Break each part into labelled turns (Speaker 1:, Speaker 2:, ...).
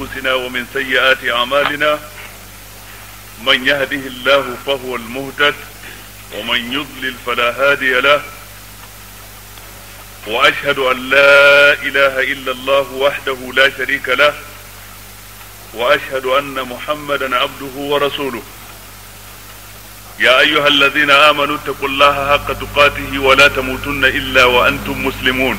Speaker 1: أنفسنا ومن سيئات أعمالنا من يهده الله فهو المهتد ومن يضلل فلا هادي له وأشهد أن لا إله إلا الله وحده لا شريك له وأشهد أن محمدا عبده ورسوله يا أيها الذين آمنوا اتقوا الله حق تقاته ولا تموتن إلا وأنتم مسلمون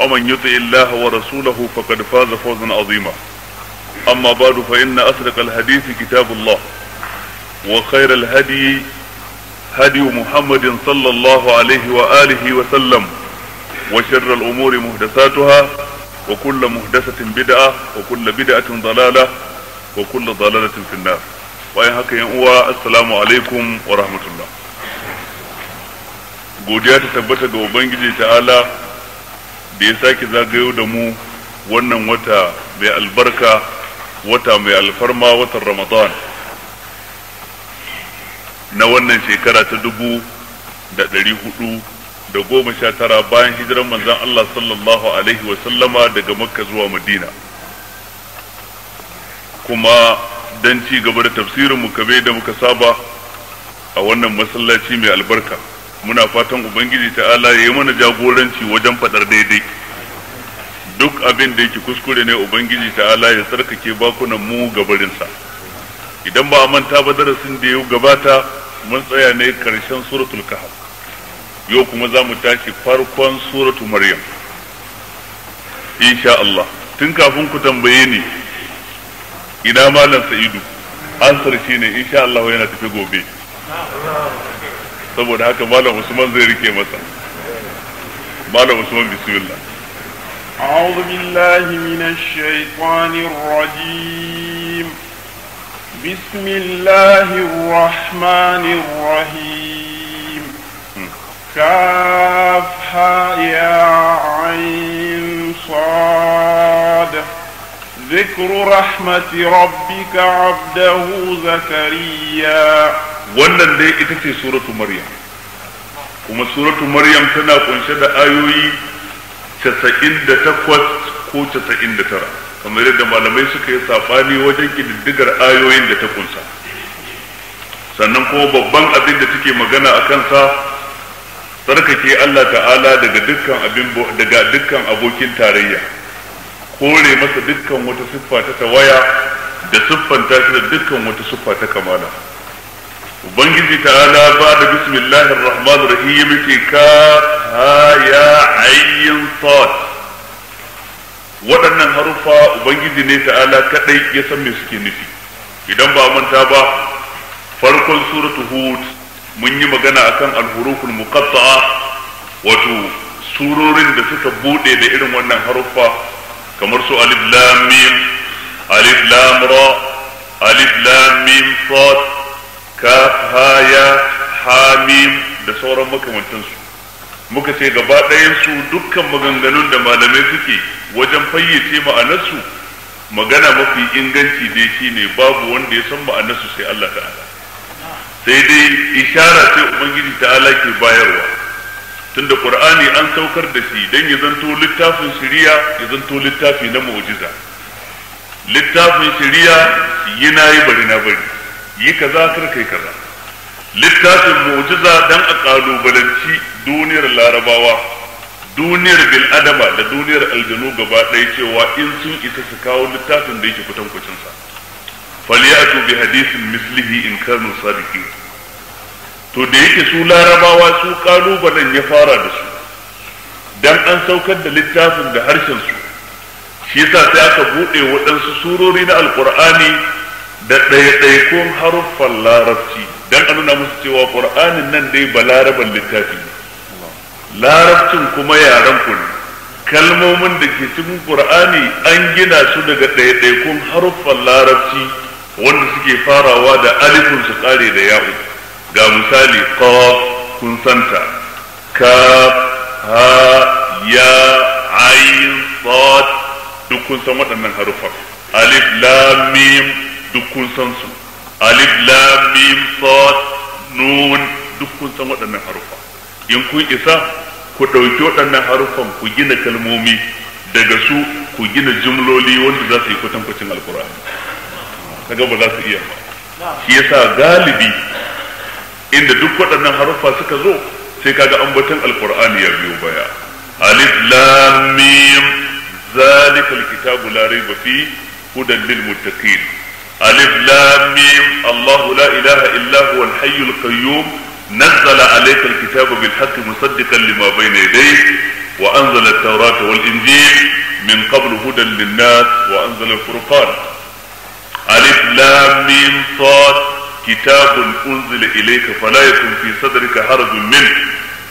Speaker 1: ومن يطع الله ورسوله فقد فاز فوزا عظيما أما بعد فإن أصدق الحديث كتاب الله وخير الهدي هدي محمد صلى الله عليه وآله وسلم وشر الأمور محدثاتها وكل محدثة بدعة وكل بدعة ضلالة وكل ضلالة في النار bayan haka yan uwa assalamu alaikum wa rahmatullah godiya ta tabbata ga ubangiji ta'ala da ya sake zagayo da mu wannan wata mai albarka wata mai alfarma watan ramadan na wannan shekara ta dubu da ɗari hudu da goma sha tara bayan hijirar manzan Allah sallallahu alaihi wasallama daga makka zuwa madina kuma don ci gaba da mu kabe da muka saba a wannan masallaci mai albarka muna fatan ubangiji ta'ala ya yi mana jagoranci wajen faɗar daidai duk abin da yake kuskure ne ubangiji ta'ala ya tsarkake bakunan mu gabarinsa idan ba a manta ba darasin da ya gabata mun tsaya ne karshen suratul kahf yau kuma za mu tashi farkon suratu maryam insha Allah tun kafin ku tambaye ni ina malam sa'idu ansar ne insha Allah yana tafi gobe saboda haka malam usman zai rike masa malam usman bismillah
Speaker 2: أعوذ بالله من الشيطان الرجيم بسم الله الرحمن الرحيم كافها يا عين صاد ذكر رحمة ربك عبده زكريا wannan dai
Speaker 1: ita ce suratu maryam kuma suratu maryam tana kunshe da ayoyi casa'in ko casa'in tara kamar yadda malamai suka yi saɓani wajen ƙididdigar ayoyin da ta kunsa sannan kuma babban abin da take magana a kansa tsarkake Allah ta'ala daga dukkan abin daga dukkan abokin tarayya kore masa dukkan wata siffa ta tawaya da siffanta shi da dukkan wata siffa ta kamala ubangiji ta'ala ba da bismillahir rahmanir rahim yake ka ha ya ayyin sad waɗannan harufa ubangiji ne ta'ala kadai ya san me suke nufi idan ba manta ba farkon suratu hud mun yi magana akan al-huruful muqatta'a wato surorin da suka bude da irin wannan haruffa kamar su alif lam mim alif lam ra alif lam mim sad ka haya hamim da sauran makamantansu muka ce gaba su dukkan maganganun da malamai suke wajen fayyace ma'anarsu magana mafi inganci dai ne babu wanda ya san ma'anarsu sai Allah ta'ala sai dai ishara sai ubangiji ta'ala ke bayarwa tunda qur'ani an saukar da shi dan ya zanto littafin shiriya ya zanto littafi na mu'jiza littafin shiriya yana yi bari na bari yi kaza kar kai kaza littafin mu'jiza dan a kalubalanci duniyar larabawa duniyar bil adama da duniyar aljanu gaba ɗaya cewa in sun isa su kawo littafin da yake kutan kucinsa falyatu bi hadisin mislihi in kanu sadiqin to da yake su larabawa su kalubalen ya fara da su dan an saukar da littafin da harshen su shi yasa sai aka buɗe waɗansu surori na alkur'ani da ɗaiɗaikun haruffan larabci don a nuna musu cewa ƙur'anin nan dai ba laraban littafi
Speaker 3: ne
Speaker 1: larabcin kuma yaren ku ne kalmomin da ke cikin ƙur'ani an gina su daga ɗaiɗaikun haruffan larabci wanda suke farawa da alifin su ƙare da yawo ga misali qaf kun santa ka ha ya ayin sad duk kun san waɗannan haruffan alif lam mim duk kun san su alif lam mim sad nun duk san waɗannan harufa in kun isa ku ɗauki waɗannan harufan ku gina kalmomi daga su ku gina jumloli wanda za su yi kwatankwacin alkur'ani kaga ba za su iya ba shi yasa galibi inda duk waɗannan harufa suka zo sai kaga ambaton alkur'ani ya biyo baya alif lam mim zalikal kitabu la raiba fi hudan lil muttaqin ألف لام ميم الله لا إله إلا هو الحي القيوم نزل عليك الكتاب بالحق مصدقا لما بين يديه وأنزل التوراة والإنجيل من قبل هدى للناس وأنزل الفرقان ألف لام ميم صاد كتاب أنزل إليك فلا يكن في صدرك حرج منه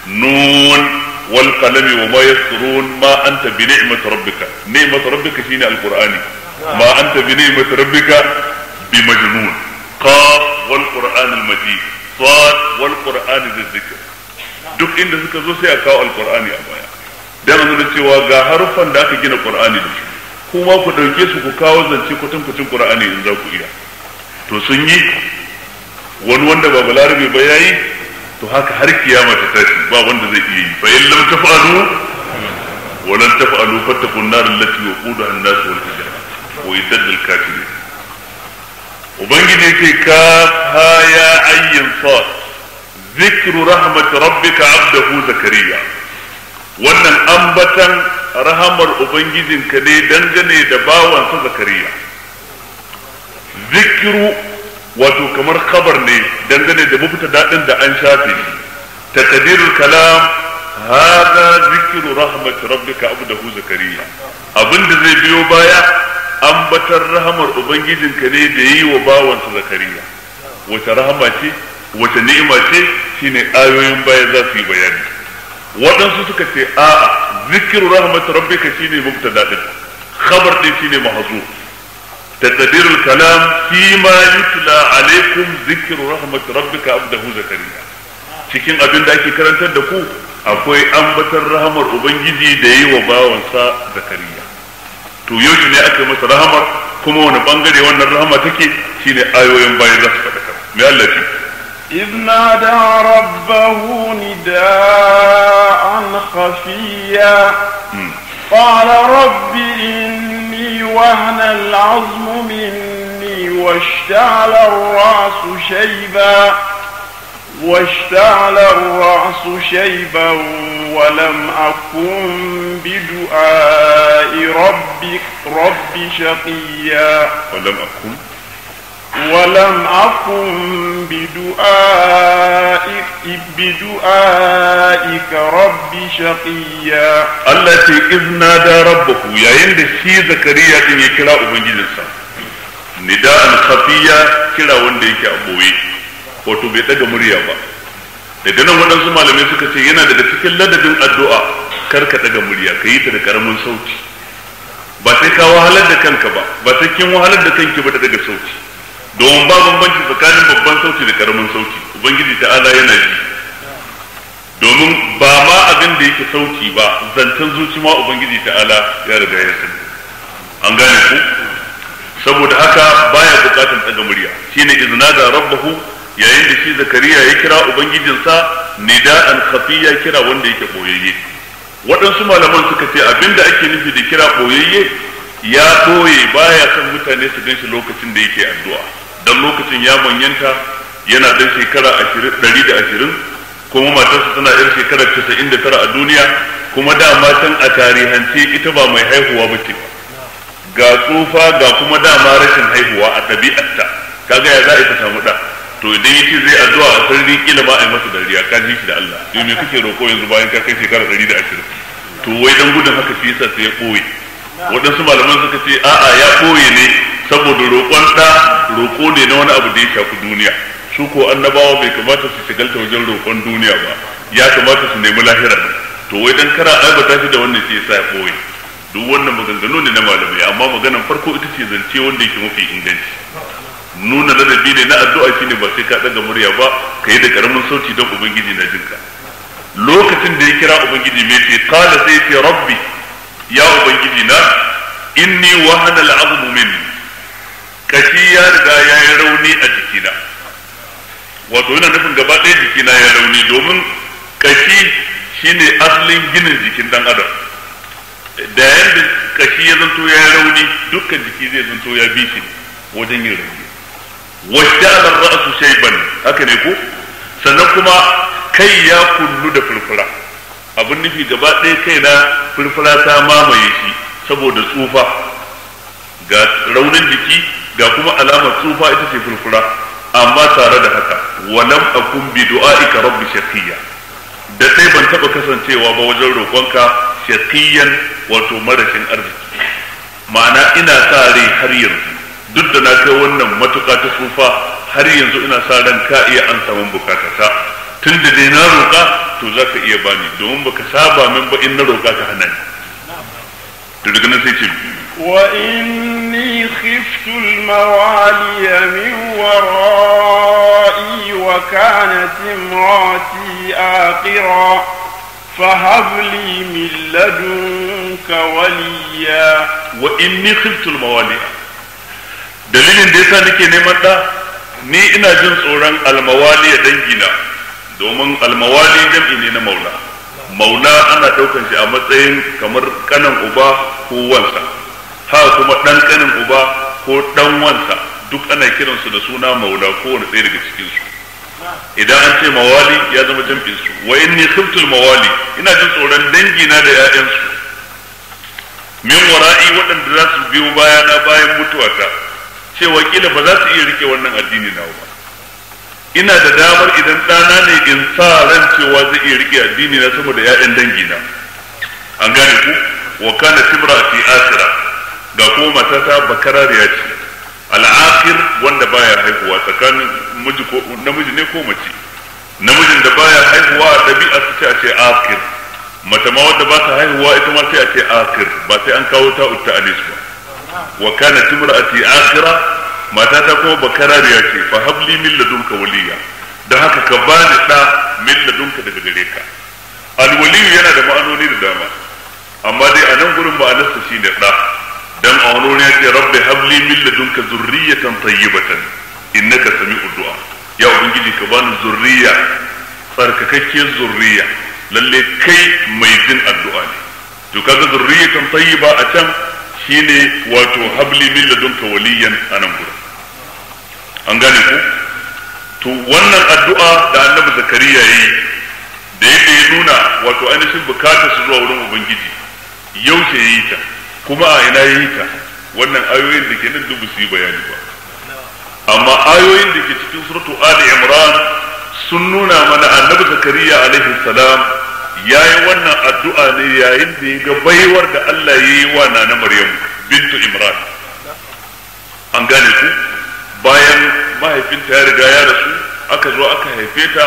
Speaker 1: نون والقلم وما يسطرون ما أنت بنعمة ربك نعمة ربك شين القرآن ma anta bi ni'mat rabbika bi majnun qaf wal qur'an al majid duk inda suka zo sai a kawo alqur'ani a baya dan nuna cewa ga harufan da aka gina qur'ani da kuma ku dauke su ku kawo zance kwatankwacin qur'ani in za ku iya to sun yi wani wanda ba balarabi ba yayi to haka har kiyama ta tashi ba wanda zai iya yi fa in lam taf'alu wa lan taf'alu fattaqun nar allati waqudaha an-nas wal hijab wa yudaddal kafirin ubangiji ce ka haya ayyin sad zikru rahmat rabbika abdahu zakariya wannan ambatan rahamar ubangijinka ne dangane da bawansa zakariya zikiru wato kamar kabar ne dangane da mafita daɗin da an shafe takadirul kalam hada zikiru rahmat rabbika abdahu zakariya abinda zai biyo baya ambatar rahamar ubangijinka ne da yi wa bawansa zakariya Wace rahama ce wata ni'ima ce shine ayoyin baya za su yi bayani waɗansu suka ce a'a zikiru rahmat rabbika shine mubtada din khabar din shine mahzu تقدير الكلام فيما يتلى عليكم ذكر رحمة ربك عبده Zakariya. cikin abin da ake karantar da ku akwai ambatar rahamar ubangiji da yi wa bawansa zakariya to yaushe ne aka yi masa rahamar kuma wani bangare wannan rahama take shine ayoyin bayan za su faɗaka mai Allah ce
Speaker 2: إذ نادى ربه نداء خفيا قال رب إني وهن العظم مني واشتعل الرأس شيبا واشتعل الرأس شيبا ولم أكن بدعاء ربي رب شقيا
Speaker 1: ولم أكن
Speaker 2: ولم أكن بدعاء بدعائك رب شقيا التي إذ نادى ربه يا يند
Speaker 1: في زكريا إن يكلا أبنجلسا نداء خفيا كلا وندي كأبوي wato bai daga murya ba daga nan waɗansu malamai suka ce yana daga cikin ladabin addu'a kar ka daga murya ka yi ta da karamin sauti ba sai ka wahalar da kanka ba ba sai kin wahalar da kanki ba daga sauti domin ba bambanci tsakanin babban sauti da karamin sauti ubangiji ta'ala yana ji domin ba ma abin da yake sauti ba zancen zuci ma ubangiji ta'ala ya riga ya san an gane ku saboda haka baya bukatan daga murya shine da rabbahu yayin da shi zakariya ya kira ubangijinsa nida'an ya kira wanda yake boyayye waɗansu malaman suka ce abinda ake nufi da kira boyayye ya boye baya son mutane su ganshi lokacin da yake addu'a dan lokacin ya manyanta yana dan shekara da ashirin kuma matarsa tana yar shekara tara a duniya kuma dama can a tarihance ita ba mai haihuwa ba ce ga tsufa ga kuma dama rashin haihuwa a ɗabi'arta kaga ya za a ta samu ɗa to idan ya ce zai addu'a a sarari kila ba a yi masa dariya ka ji shi da Allah to me kake roko yanzu bayan ka kai shekara ɗari da ashirin to wai dan gudun haka shi sa sai ya ɓoye waɗansu malaman suka ce a'a ya ɓoye ne saboda roƙon ɗa roƙo ne na wani abu da ya shafi duniya su ko annabawa bai kamata su shigalta wajen roƙon duniya ba ya kamata su nemi lahira to wai dan kara aibata shi da wannan shi yasa ya ɓoye duk wannan maganganu ne na malamai amma maganan farko ita ce zance wanda yake mafi inganci nuna ladabi ne na addu'a shine ba sai ka daga murya ba ka yi da karamin sauti don ubangiji na jinka lokacin da ya kira ubangiji mai ce kala sai ce rabbi ya ubangiji na inni wahana al'azmu minni kashi ya riga ya yi rauni a jikina wato yana nufin gaba ɗaya jikina ya rauni domin kashi shine asalin ginin jikin dan adam da yanda kashi ya zanto ya yi rauni dukkan jiki zai zanto ya bi shi wajen yin rauni wajjala ra'su shayban haka ne ko sannan kuma kai ya kullu da furfura abun nufi gaba ɗaya kai na furfura ta mamaye shi saboda tsufa ga raunin jiki ga kuma alamar tsufa ita ce furfura amma tare da haka walam akun bi du'aika rabbi shaqiyya da sai ban taba kasancewa ba wajen roƙonka shaqiyyan wato marashin arziki ma'ana ina sa rai har yanzu duk da na kai wannan matuƙa ta tsufa har yanzu ina sa ran ka iya an samun bukatata tun da dai na roƙa to za ka iya bani domin baka saba min ba in na roƙa ka hana ni to daga nan sai ce wa
Speaker 2: وإني خفت الموالي من ورائي وكانت امرأتي آقرا فهب لي من لدنك وليا وإني خفت الموالي dalilin da
Speaker 1: yasa nake neman ɗa ni ina jin tsoron almawali ya dangina domin almawali jam'i ne na maula maula ana ɗaukan shi a matsayin kamar kanan uba ko wansa ha kuma ɗan kanin uba ko ɗan wansa duk ana kiransu da suna maula kowane ɗaya daga cikinsu idan an ce mawali ya zama jam'in su wa inni khiftul mawali ina jin tsoron dangina da 'ya'yansu min wara'i waɗanda za su biyo bayana bayan mutuwata cewa kila ba za su iya rike wannan addini nawa ba
Speaker 2: ina da damar
Speaker 1: idan ɗana ne in sa ran cewa zai iya rike addini na saboda ya'yan dangi na an gane ku wa kana tibra fi asira ga kuma matata bakarariya ce al'akir wanda baya haihuwa tsakanin miji ko namiji ne ko mace namijin da baya haihuwa a ɗabi'a su ce a ce akir mata ma wanda ba ta haihuwa ita ma sai a ce akir ba sai an kawo ta utta anis ba wa kana timra'ati akhira mata ta kuma bakarariya ce fa habli min ladunka waliya Da haka ka bani da min ladunka daga gare ka alwaliyu yana da ma'anoni da dama amma dai a nan gurin ma'anarsa shine da dan a wani ya ce rabbi habli min ladunka zurriyatan tayyibatan innaka sami'ud du'a ya ubangiji ka bani zurriya tsarkakakkiyar zurriya Lallai kai mai jin addu'a ne to kaga zurriyatan tayyiba a can shine wato habli min ladunka waliyan anan gura an gane ku to wannan addu'a da annabi zakariya yi da yake ya nuna wato ainihin bukatar su zuwa wurin ubangiji yaushe ya yi ta kuma a ina ya yi ta wannan ayoyin da ke nan dubu su yi bayani ba amma ayoyin da ke cikin suratu ali imran sun nuna mana annabi zakariya alaihi salam ya yi wannan addu'a ne yayin da ya ga baiwar da Allah ya yi wa na na Maryam bintu Imran an gane ku bayan mahaifinta ya riga ya rasu aka zo aka haife ta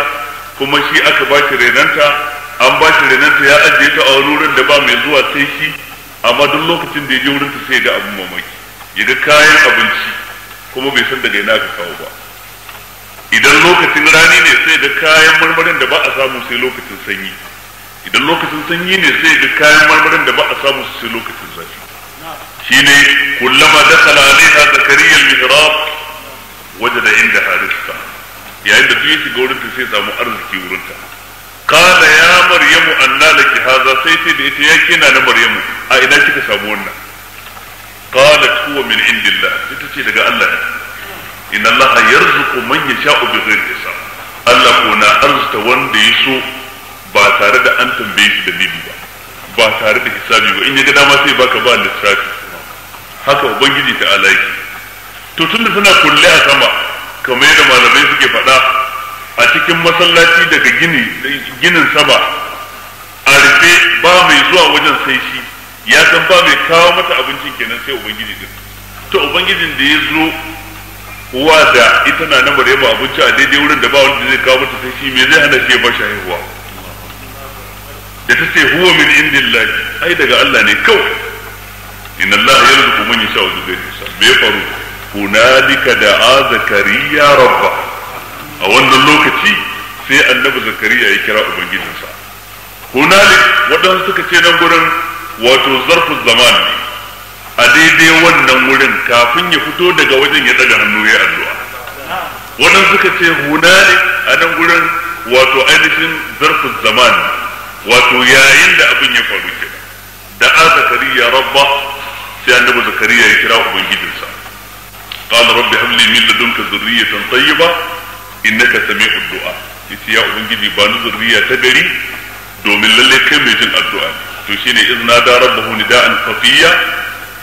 Speaker 1: kuma shi aka ba shi renanta an ba shi renanta ya ajiye ta a wurin da ba mai zuwa sai shi amma duk lokacin da ya je wurin ta sai ga abin mamaki ya ga kayan abinci kuma bai san daga ina aka kawo ba idan lokacin rani ne sai ga kayan marmarin da ba a samu sai lokacin sanyi idan lokacin sanyi ne sai ga kayan marmarin da ba a samu su sai lokacin zafi shine kullama dakala alaiha zakariya al-mihrab da inda harista yayin da duk shiga wurin ta sai samu arziki wurin ta qala ya maryamu anna ki haza, sai sai da ita yake na na maryamu a ina kika samu wannan qalat huwa min indillah ita ce daga Allah inna Allah yarzuqu man yasha'u bighayri hisab Allah ko na arzuta wanda ya so ba tare da an tambaye shi dalili ba ba tare da hisabi ba in ya ga dama sai baka ba lissafi haka ubangiji ta alaiki to da suna kulle a sama kamar yadda malamai suke faɗa a cikin masallaci daga gini ginin sama a rufe ba mai zuwa wajen sai shi ya san ba mai kawo mata abincin kenan sai ubangiji din to ubangijin da ya zo wa da ita na na abinci a daidai wurin da ba wanda zai kawo mata sai shi me zai hana shi ya bashi haihuwa da ta ce huwa min indillahi ai daga Allah ne kawai inna Allah yarzuqu mun yasha wa yughayyiru me Bai faru hunalika da zakariya rabba a wannan lokaci sai annabi zakariya ya kira ubangijinsa hunalik waɗansu suka ce nan gurin wato zarfu zaman ne a daidai wannan wurin kafin ya fito daga wajen ya daga hannu ya addu'a waɗansu suka ce hunalik a nan gurin wato ainihin zarfu zaman ne wato yayin da abin ya faru ke da a zakariya rabba sai annabi zakariya ya kira ubangijinsa qala rabbi habli min ladunka zurriyatan tayyiba innaka sami'ud du'a yace ya ubangiji ba ni zurriya ta gari domin lalle kai mai jin addu'a to shine izna da rabbahu nida'an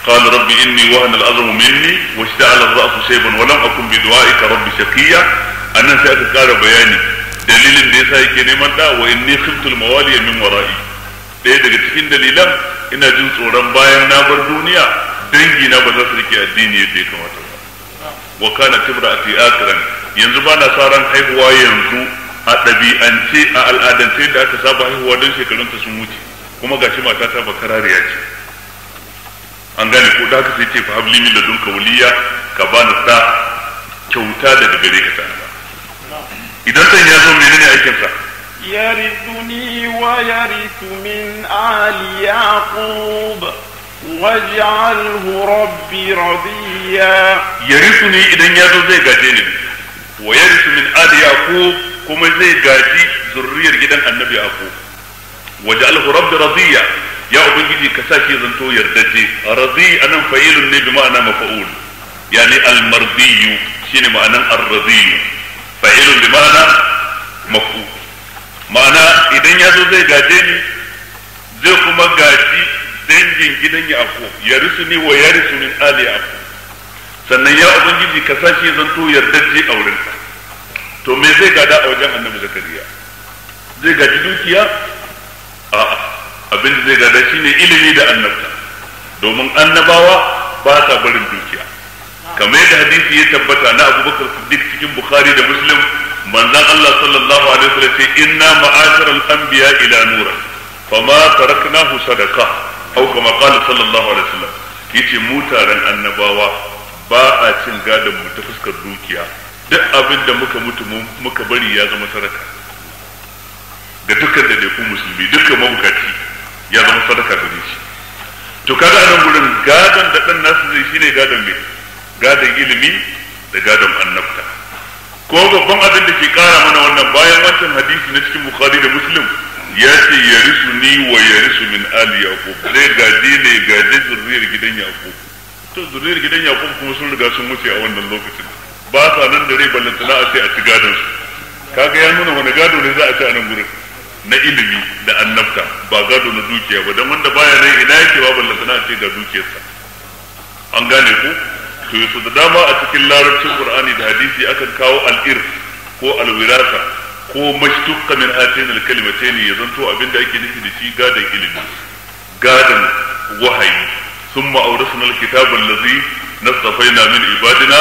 Speaker 1: qala rabbi inni wahana al'azmu minni رب إني وهن العظم مني واشتعل الرأس شيبا ولم أكن بدعائك رب شقيا أنا سأتكار bayani dalilin da ya yasa yake neman da wa inni khiftul mawali min wara'i ɗaya daga cikin dalilan ina jin tsoron bayan na bar duniya dangi na ba za su rike addini yadda ya kamata ba wa kana timra'ati akran yanzu ba na sa haihuwa yanzu a ɗabi'ance a al'adance da aka saba haihuwa don shekarunta sun wuce kuma gashi mata ta bakarariya ce an gane ko da haka sai ce fa habli da dunka wuliya ka bani ta kyauta daga gare ka ta'ala idan san ya zo menene aikin sa
Speaker 2: yarithuni wa yarithu min ali yaqub waj'alhu rabbi radiya yarithuni idan
Speaker 1: ya zo zai gaje ni wa yarithu min ali yaqub kuma zai gaji zurriyar gidan annabi yaqub waj'alhu rabbi radiya ya ubangiji ka sa shi zanto yardaje radi anan fa'ilun ne bi ma'ana mafa'ul yani al-mardiyu shine ma'anan ar-radiyu fa'ilun bi ma'ana mafu ma'ana idan ya zo zai gaje ni zai kuma gaji dangin gidan ya afu ya risu ni wa ya risu min ali afu sannan ya ubangiji ka sashi zanto yardajje a ka to me zai gada a wajen annabi zakariya zai gaji dukiya a abin da zai gada shine ilimi da annabta domin annabawa ba sa barin dukiya kamar yadda hadisi ya tabbata na abu bakar siddiq cikin bukhari da muslim manzan allah sallallahu alaihi wasallam ce inna ma'ashar al-anbiya ila nura fama taraknahu sadaqa aw kama qala sallallahu alaihi wasallam yace mu taron annabawa ba a cin gadon mu ta fuskar dukiya duk abin da muka mutu muka bari ya zama sadaka da dukkan da musulmi dukkan mabukaci ya zama sadaka gare shi to kaga anan gurin gadon da dan nasu zai shine gadon mai gadon ilimi da gadon annabta ko babban abin da ke kara mana wannan bayan wancan hadisi na cikin bukhari da muslim ya ce ya risu ni wa ya risu min ali yaqub zai gaje ne gaje zurriyar gidan yaqub to zurriyar gidan yaqub kuma sun riga sun wuce a wannan lokacin ba sa nan da rai ballantana a ce a ci gadon su kaga ya nuna wani gado ne za a ci a nan gurin na ilimi da annabta ba gado na dukiya ba don wanda baya nan ina yake ba ballantana a ce ga dukiyarsa an gane ku to yi su da dama a cikin larabcin qur'ani da hadisi akan kawo al'ir ko alwirasa ko mashtukka min hatin alkalimace ne ya zanto abinda ake nufi da shi gadan ilimi gadan wahayi sun ma'aurasu na alkitabar lazi na safai na min ibadina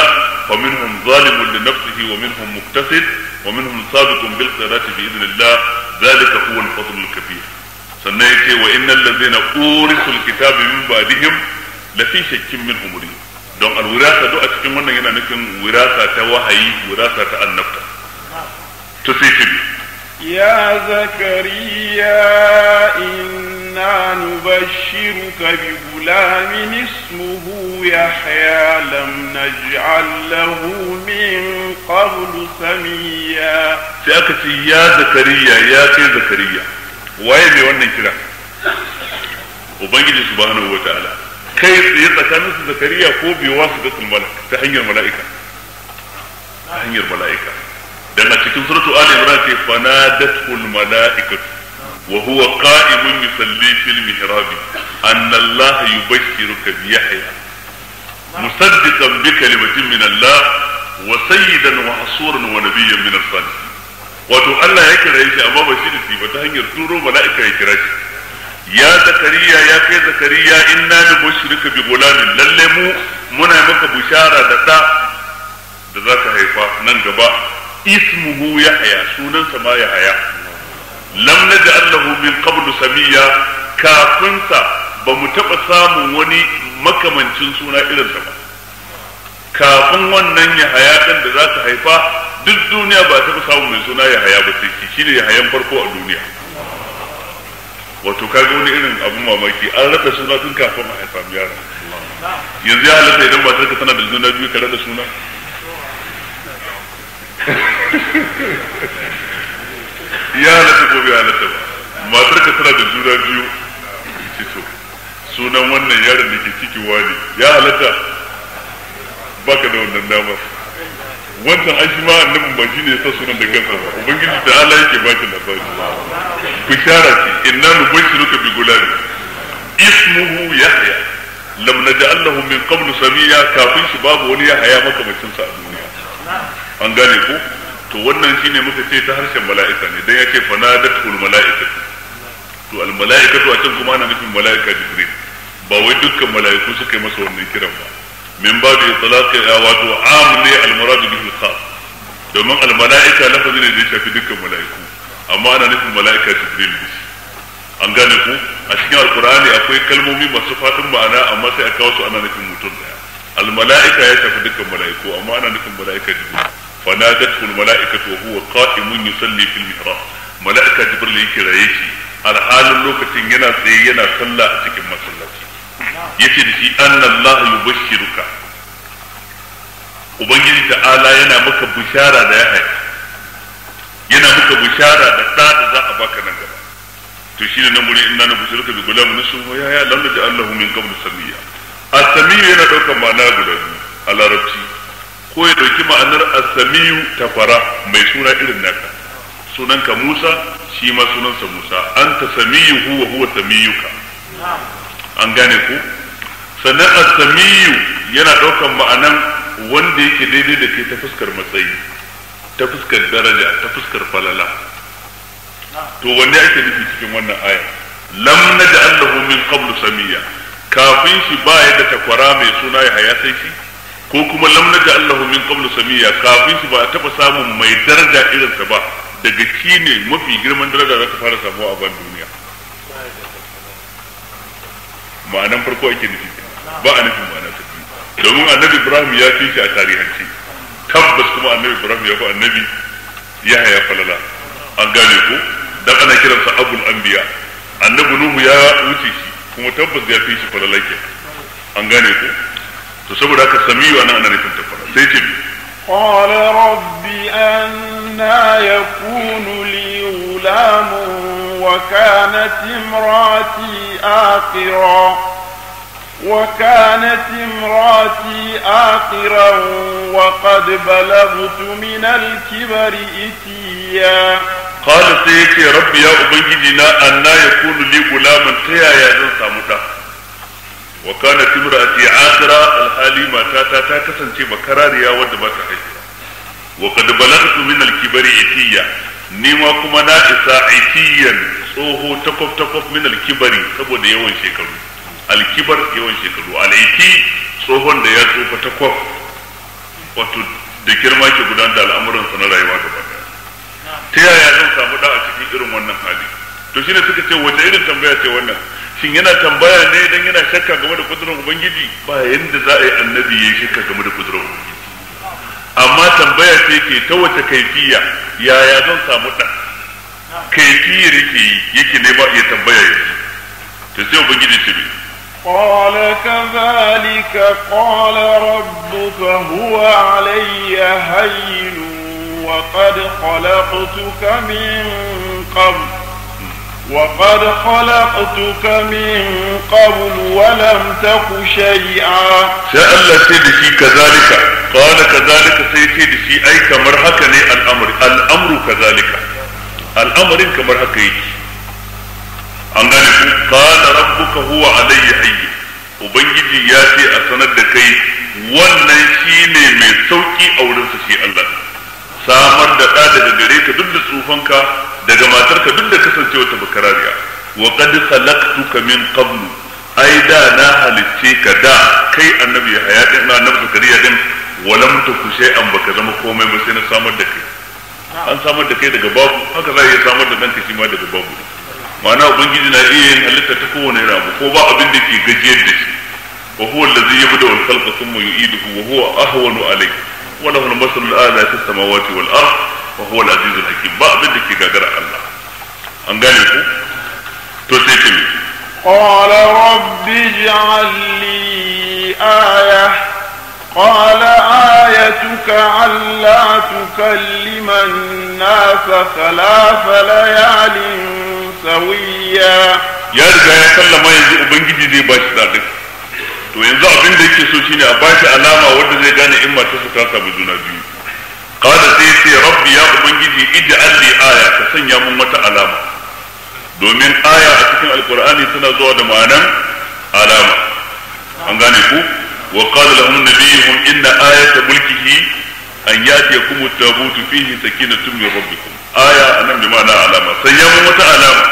Speaker 1: wa min hun zalimun da nafsihi wa min hun muktasid wa min hun sabikun bil tsirati bi izinillah zalika huwa al-fadl al-kabir sannan yace wa innal ladzina urisul kitabi min ba'dihim lafi shakkin min umri don alwirasa duk a cikin wannan yana nufin wirasa ta wahayi wirasa ta annabta
Speaker 2: to sai ce ya zakariya inna nubashshiruka bi gulamin ismuhu yahya lam naj'al lahu min qablu samiya sai
Speaker 1: aka ce ya zakariya ya ce zakariya waye mai wannan kira ubangiji subhanahu wataala kai tsaye tsakanin su zakariya ko bai wasu da malak ta hanyar mala'ika ta hanyar mala'ika dan a cikin suratu ali imran ce fanadatul mala'ikatu wa huwa qa'imun yusalli fil mihrab anna allah yubashshiruka bi yahya musaddiqan bi kalimatin min allah wa sayyidan wa hasuran wa nabiyyan min as wato allah ya kira shi amma ba shi da ba ta hanyar turo mala'ika ya kira shi ya zakariya ya kai zakariya inna ni bushrika bi gulamin lalle mu muna maka bushara da da za ka haifa nan gaba ismuhu yahya sunansa ma yahya lam naj'al lahu min qablu samiya kafinsa ba mu taɓa samun wani makamancin suna irinsa ba kafin wannan ya haya ɗin da za ka haifa duk duniya ba taɓa samun mai suna ya haya ba sai shi ne ya hayan farko a duniya wato ka ga wani irin abin mamaki an rada suna tun kafin a haifa yara yanzu ya halatta idan matar ka tana da juna biyu ka rada suna ya halatta ko bai halatta ba matar ka tana da juna biyu ki so sunan wannan yaron da ke ciki wani ya halatta baka da wannan damar wancan an shi ma annabin ba shi ne ya sa sunan da kansa ba ubangiji ta ala yake ba shi labari bishara ce inna nubashiruka bi gulami ismuhu yahya lam naj'al lahu min qablu samiya kafin shi babu wani yahya makamacin sa a duniya an gane ko to wannan shine muka ce ta harshen mala'ika ne dan yace fanadatul mala'ikatu to al mala'ikatu a can kuma ana nufin mala'ika jibril ba wai dukkan mala'iku suka yi masa wannan kiran ba min babu itlaqi wato am ne al murad domin al malaika ne da ya shafi dukkan malaiku amma ana nufin malaika jibril an gane ku a cikin alkur'ani akwai kalmomi masu fadin ma'ana amma sai a kawo su ana nufin mutum daya al ya shafi dukkan malaiku amma ana nufin malaika jibril فنادته الملائكة وهو قائم يصلي في المحراب ملائكة جبريل يكرايشي الحال لوكتين ينا سينا صلى cikin مسلاتي yace da shi annallaha yubashshiruka ubangiji ta'ala yana maka bishara da yahay yana maka bishara da da da za a baka nan gaba to shine nan muri inna na bishirka bi gulam na wa ya lam da Allahu min qabl samiya as-samiyu yana daukar ma'ana guda a larabci ko ya dauki ma'anar as-samiyu tafara mai suna irin naka sunanka Musa shi ma sunansa Musa anta samiyuhu huwa huwa samiyuka an gane ku sannan asamiyu yana ɗaukan ma'anan wanda yake daidai da ke ta fuskar matsayi ta fuskar daraja ta fuskar falala to wanda ake nufi cikin wannan aya lam da allahu min qablu samiya kafin shi ba ya da takwara mai suna ya haya shi ko kuma lam da allahu min qablu samiya kafin shi ba a taba samun mai daraja irin sa ba daga shi ne mafi girman daraja za ta fara samuwa a ban ma'anan farko ake nufi ba a nufin ma'anan ta biyu domin annabi ibrahim ya fi shi a tarihance tabbas kuma annabi ibrahim ya fi annabi ya haya falala an gane ko dan ana kiransa abul anbiya annabi nuhu ya wuce shi kuma tabbas ya fi shi falala ke an gane ko to saboda haka samiyu nan ana nufin fara sai ce
Speaker 2: قال رب أنا يكون لي غلام وكانت امراتي آقرا وكانت امراتي آقرا وقد بلغت من الكبر إتيا قال سيكي
Speaker 1: ربي يا أبنجدنا أن يكون لي غلام تيا يا زنسى مدى وكانت امرأتي آخرا الحالي ما تاتا تاكسن تيما كراريا ودبات حيث وقد بلغت من الكبر إتيا nima kuma na isa aitiyan tsoho takwaf takwaf min alkibari saboda yawan shekaru alkibar yawan shekaru alaiti tsohon da ya tsofa takwaf wato da girma ke gudanar da al'amuransa na rayuwa gaba ta yaya zan samu da a cikin irin wannan hali to shine suka ce wata irin tambaya ce wannan shin yana tambaya ne dan yana shakka game da kudurin ubangiji ba yanda za a yi annabi ya yi shakka game da kudurin ubangiji amma tambaya ce ke ta wace kaifiya yaya zan samu ɗan kaifiyar yake yi yake nema ya tambaya yanzu ta sai ubangiji ce bai
Speaker 2: قال كذلك قال ربك هو علي هين وقد خلقتك من قبل وقد خلقتك من قبل ولم تك شيئا سأل سيدي
Speaker 1: كذلك
Speaker 2: قال كذلك
Speaker 1: سيدي في أي كمر هكني الأمر الأمر كذلك الأمر كمر هكي قال ربك هو علي أي ubangiji ya ce a sanar da kai wannan shi ne mai sauki a wurinsa shi Allah samar da ɗa daga gare ka duk da tsufanka daga matarka duk da kasancewa ta bakarariya wa qad khalaqtuka min qabl ai da na halicce ka da kai annabi ya haya din annabi zakariya din walam kushe an baka zama komai ba sai na samar da kai an samar da kai daga babu haka za ya iya samar da danka shi ma daga babu
Speaker 2: ma'ana ubangiji na iya yin halitta
Speaker 1: ta kowane rabu ko ba abin da ke gajiyar da shi wa huwa allazi yabda wal khalqa thumma yu'iduhu wa huwa ahwanu alayhi wa lahu al-masalul a'la fi samawati wal ard wa huwa al-azizul hakim ba abin da gagara Allah an gane ku to sai ce
Speaker 2: قال رب اجعل لي آية قال آيتك ألا تكلم الناس ثلاث ليال سويا
Speaker 1: يا رجال سلم يا ubangiji zai bashi shi to yanzu abin da yake so shine a bashi alama wanda zai gane in mata su ta samu juna biyu kada sai ce rabbi ya ubangiji ij'al li aya ka sanya mun wata alama domin aya a cikin alqur'ani tana zuwa da ma'anan alama an gane ku wa qala lahum nabiyuhum inna ayata mulkihi an yatiyakum at-tabutu fihi sakinatun min rabbikum aya anan bi ma'ana alama sanya mun wata alama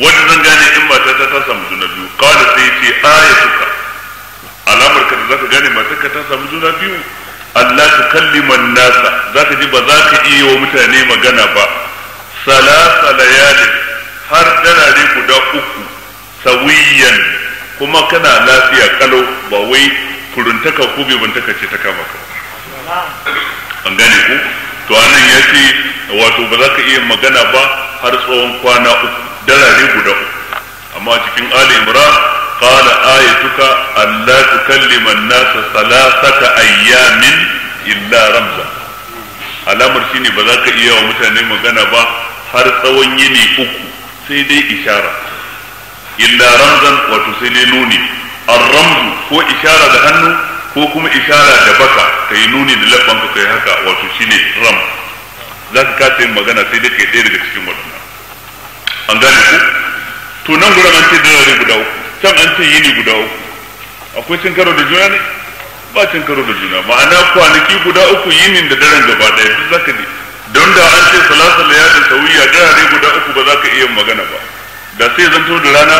Speaker 1: wanda zan gane in mata ta ta samu juna biyu kawai sai ce suka. alamar ka da ka gane mata ka ta samu juna biyu Allah kalli man nasa za ka ji ba za ka iya wa mutane magana ba salasa layali har darare guda uku sawiyan kuma kana lafiya kalau ba wai furuntaka ko bibantaka ce ta kama ka an gane ku to anan ya ce wato ba za ka iya magana ba har tsawon kwana uku Dala ne guda amma cikin ali imran qala ayatuka alla tukallima an-nas salasata ayyamin illa ramza alamar shine ba za ka iya wa mutane magana ba har tsawon yini uku sai dai ishara illa ramzan wato sai dai nuni ar-ramzu ko ishara da hannu ko kuma ishara da baka kai nuni da labbanka kai haka wato shine ram za ka magana sai dai kai ɗaya daga cikin wannan an gane ku to nan gudan an ce ne guda uku can an ce yini guda uku akwai cin karo da juna ne ba cin karo da juna ma'ana kwanaki guda uku yinin da daren gaba daya duk zaka ne don da an ce salasa layalin sauyiya dirare guda uku ba za ka iya magana ba da sai zanto da rana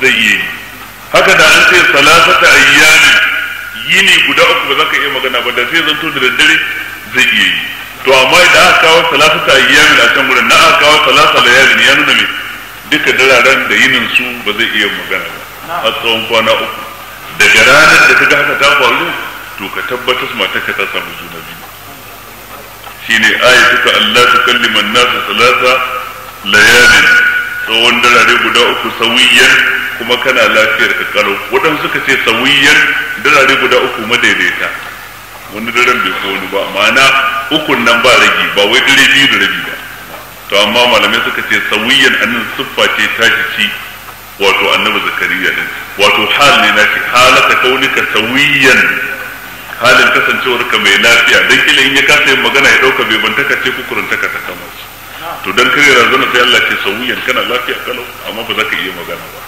Speaker 1: zai iya yi haka da an ce salasa ta ayyami yini guda uku ba za ka iya magana ba da sai zanto da daddare zai iya yi to amma idan aka kawo yi yamin a can wurin na aka kawo da yamin ya nuna me duka dararen da yinin su ba zai iya magana ba a tsawon kwana uku daga ranar da ta ga haka ta faru to ka tabbatar ma ta samu juna biyu shine suka Allah tukalliman nasa salata layalin tsawon darare guda uku sawiyan kuma kana lafiyar ka karo waɗansu suka ce sawiyan darare guda uku madaidaita wani daren bai ko wani ba ma'ana ukun nan ba ragi ba wai dare biyu da rabi ba to amma malamai suka ce sawiyan annan siffa ce tashi ci wato annabi zakariya din wato hal ne na ce halaka kaunika sawiyan halin kasancewar ka mai lafiya dan kila in ya kasa yin magana ya dauka bai ban taka ce taka ta kama shi to dan kare razana sai Allah ce sawiyan kana lafiya kalau amma ba za ka iya magana ba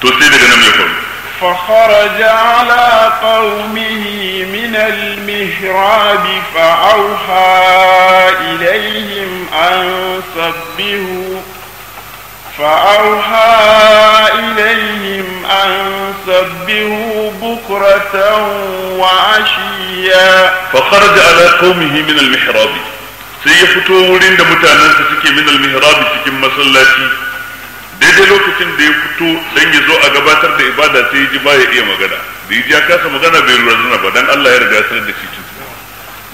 Speaker 1: to sai daga nan ya faru
Speaker 2: فخرج على قومه من المهراب فأوحى إليهم أن سبهوا فأوحى إليهم أن سبهوا بكرة وعشيا فخرج على قومه من المحراب سيفتو ورين متانا
Speaker 1: من المحراب سكي مسلاتي daidai lokacin da ya fito dan ya zo a gabatar da ibada sai ya ji baya iya magana da ya ji ya kasa magana bai lura zuna ba dan Allah ya riga ya sanar da shi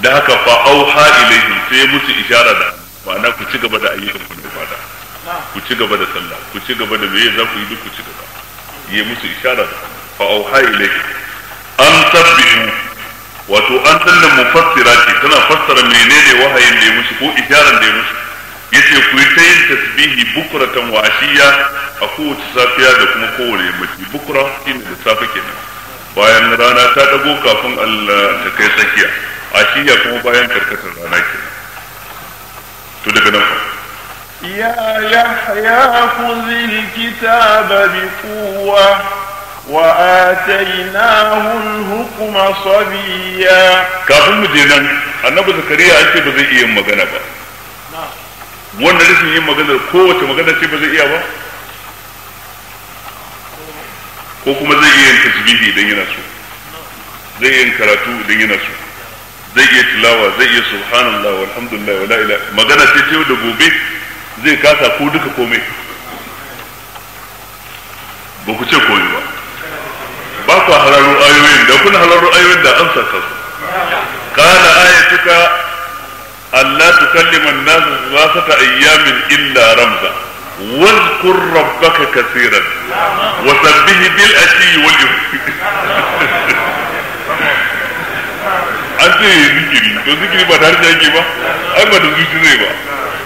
Speaker 1: da haka fa auha ilaihim sai ya musu ishara da ma'ana ku ci gaba da ayyukan ku da fada ku ci gaba da sallah ku ci gaba da meye za ku yi duk ku ci gaba ya musu ishara da fa auha ilaihim an tabbihu wato an mu mufassira ce tana fassara menene wahayin da ya musu ko isharan da ya musu yace ku yi ta yin tasbihi bukuratan wa ashiya a kowace safiya da kuma kowane yammaci bukura shine da safe kenan bayan rana ta dago kafin Allah ta kai tsakiya ashiya kuma bayan karkatar rana kenan to daga nan fa
Speaker 2: Ya bi يا يحيى خذ الكتاب بقوة وآتيناه الحكم صبيا
Speaker 1: كافر مدينة النبي ba zai iya magana ba. wannan rashin yin maganar kowace magana ce ba zai iya ba ko kuma zai iya yin tasbihi idan yana so zai iya yin karatu idan yana so zai iya tilawa zai iya subhanallah walhamdulillah wala ila magana ce ce da gobe zai kasa ko duka komai ba ku ce koyi ba ba ku hararo ayoyin da kuna hararo ayoyin da an saka su kana ayatuka Allah tukallima an-nas ta ayyamin illa ramza واذكر ربك كثيرا وسبه بالعشي والإبكار an ce ya zikiri to zikiri ba da harshe yake ba ai ba da zuci zai ba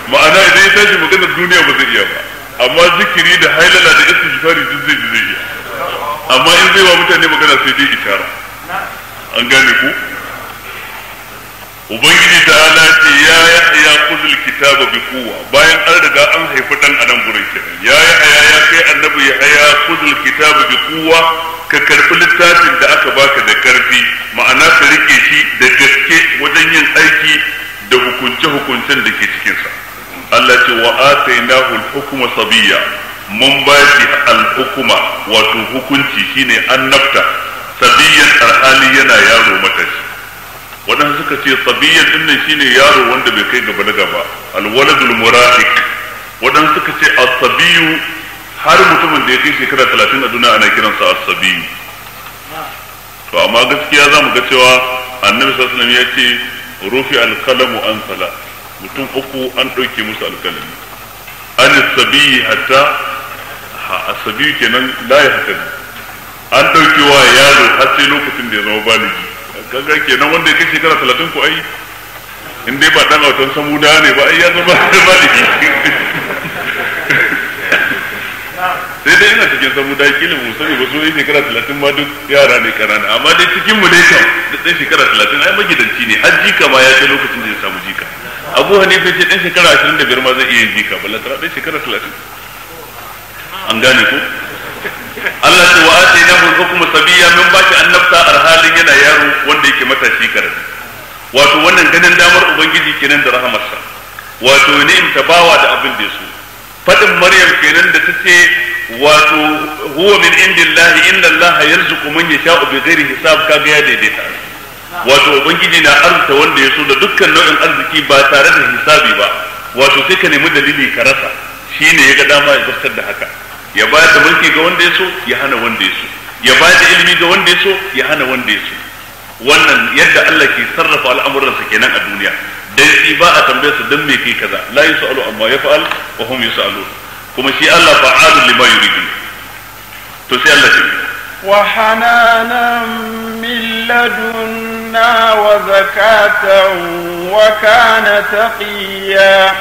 Speaker 1: ma'ana idan ya tashi maganar duniya ba zai iya ba amma zikiri da hailala da istighfari duk zai zai iya amma in zai wa mutane magana sai dai ishara an gane ku ubangiji ta ala ce ya ya ya kuzul kitaba bi kuwa bayan an riga an haifi dan adam gurin ke ya ya ya ya kai annabi ya ya kuzul kitaba bi kuwa ka karbi littafin da aka baka da karfi ma'ana ka rike shi da gaske wajen yin aiki da hukunce hukuncen da ke cikinsa Allah ce wa atainahu al-hukma sabiyya mun ba shi al wato hukunci shine annabta sabiyyan alhali yana yaro matashi waɗansu suka ce sabiyyar dinnan shine yaro wanda bai kai ga balaga ba alwaladul murafiq waɗansu suka ce asabiyu har mutumin da ya kai shekara talatin a duniya ana kiransa asabiyu to amma gaskiya za mu ga cewa annabi sallallahu alaihi ya ce rufi alkalamu an sala mutum uku an ɗauke musu alkalami an sabiyi hatta asabiyu kenan la ya hakan an wa yaro har sai lokacin da ya zama baligi kaga kenan wanda ya kai shekara talatin ko ai in dai ba dan autan samuda ne ba ai ya zama baliki sai dai ina cikin samuda kila mu sani ba so shekara talatin ma duk yara ne karana amma dai cikin mu ne kan duk dan shekara talatin ai magidanci ne har jika ma ya ce lokacin da ya samu jika abu hanifa ce dan shekara ashirin da biyar ma zai iya jika balantana dan shekara talatin an gane ko Allah ce wa na al kuma sabiya min ba shi annabta a halin yana yaro wanda yake matashi karami wato wannan ganin damar ubangiji kenan da rahamarsa wato ne in ta bawa da abin da su fadin maryam kenan da tace wato huwa min indillahi inna allaha yarzuqu man yasha'u bighairi hisab ga ya daidaita wato ubangiji na arzuta wanda ya so da dukkan nau'in arziki ba tare da hisabi ba wato sai ka nemi dalili ka rasa shi ne ya ga dama ya zartar da haka ya ba da mulki ga wanda ya so ya hana wanda ya so ya ba da ilimi ga wanda ya so ya hana wanda ya so wannan yadda Allah ke sarrafa al'amuransa kenan a duniya dan shi ba a tambaye su dan me kai kaza la yusalu amma yaf'al wa hum yusalu kuma shi Allah fa'alun lima yuridu to sai Allah ce
Speaker 2: wa hanana min ladunna wa zakatan wa kana taqiya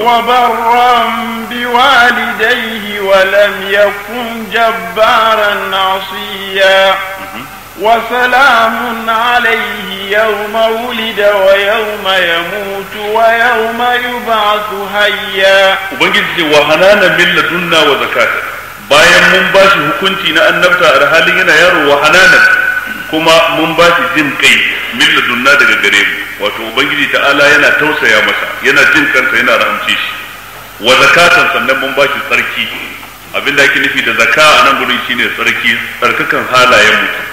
Speaker 2: وبرا بوالديه ولم يكن جبارا عصيا وسلام عليه يوم ولد ويوم يموت ويوم يبعث هيا
Speaker 1: وبنجد وهنانا من لدنا وزكاة bayan mun ba shi hukunci na annabta a halin yana yaro wa hananan kuma mun ba shi jin kai min daga gare mu wato ubangiji ta'ala yana tausaya masa yana jin kansa yana rahamce shi wa zakatan sannan mun bashi tsarki abinda ake nufi da zaka a nan gurin shine tsarki tsarkakan halayen mutum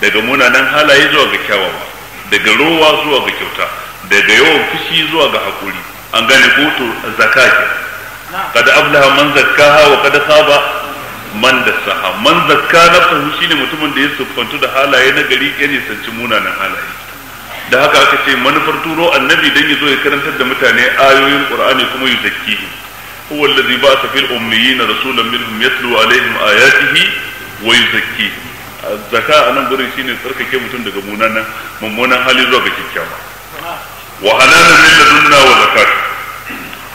Speaker 1: daga munanan halaye zuwa ga kyawawa daga rowa zuwa ga kyauta daga yawan fushi zuwa ga hakuri an gane ko zaka ke kada aflaha man zakka wa kada saba man dassaha man zakka fahimci ne mutumin da ya siffantu da halaye na gari ya nisanci munanan halaye da haka aka ce manufar turo annabi dan yazo ya karantar da mutane ayoyin qur'ani kuma ya zakkihi huwa allazi ba'atha fil ummiyina rasulan minhum yatlu alaihim ayatihi wa yuzakkihim zaka anan gurin shine tsarkake mutum daga munanan mummunan hali zuwa ga kyakkyawa wa halalan min ladunna wa zakat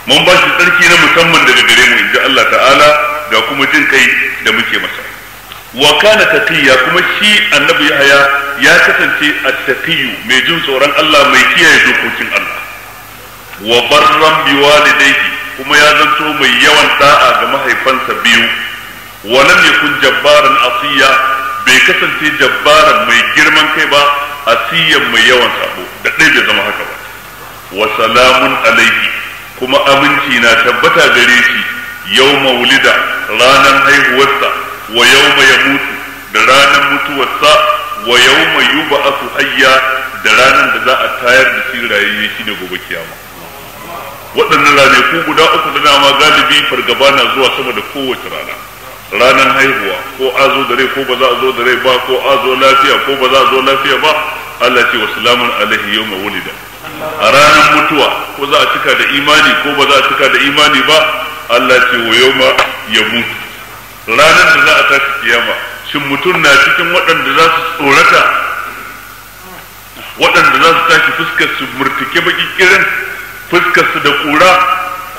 Speaker 1: mun ba tsarki na musamman daga gare mu inji Allah ta'ala ga kuma jin kai da muke masa wa kana taqiya kuma shi annabi Yahaya ya kasance at-taqiyu mai jin tsoron Allah mai kiyaye dokokin Allah wa barran bi walidayhi kuma ya zanto mai yawan da'a ga mahaifansa biyu wa lam yakun jabbaran asiya bai kasance jabbaran mai girman kai ba asiyan mai yawan sabo da dai bai zama haka ba wa salamun alayhi kuma aminci na tabbata gare shi yau maulida ranar haihuwarsa wa yawma yamutu da ranar mutuwarsa wa yawma yub'athu hayya da ranar da za a tayar da shi rayayye shi ne gobe kiyama waɗannan ku guda uku da ma galibi fargaba na zuwa sama da kowace rana ranar haihuwa ko a zo da rai ko ba za a zo da rai ba ko a zo lafiya ko ba za a zo lafiya ba Allah ce wa salamun alaihi yawma wulida a ranar mutuwa ko za a cika da imani ko ba za a cika da imani ba Allah ce wa yawma ya mutu ranar da za a tashi kiyama shin mutum na cikin waɗanda za su tsorata waɗanda za su tashi fuskar su murtuke baki kirin fuskar su da ƙura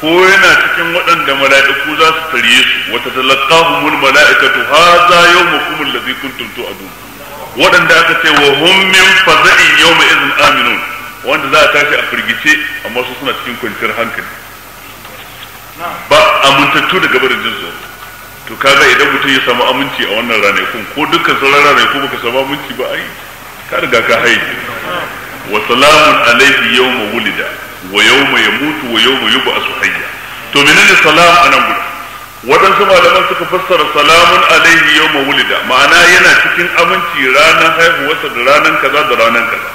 Speaker 1: ko yana cikin waɗanda mala'iku za su tarye su wata talaqahumul mala'ikatu hadha yawmukum allazi kuntum tu'adun waɗanda aka ce wa hum min faza'in yawma idhin aminun wanda za a tashi a firgice amma su suna cikin kwanciyar hankali ba amintattu daga barin jin tsoro to kaga idan mutum ya samu aminci a wannan ranakun ko dukkan sauran ranaku baka samu aminci ba ai ka riga ka haihu wa salamun alaihi yawma wulida wa yawma yamutu wa yawma yub'asu hayya to menene salam anan gudu waɗansu malaman suka fassara salamun alaihi yawma wulida ma'ana yana cikin aminci ranar haihuwarsa da ranar kaza da ranar kaza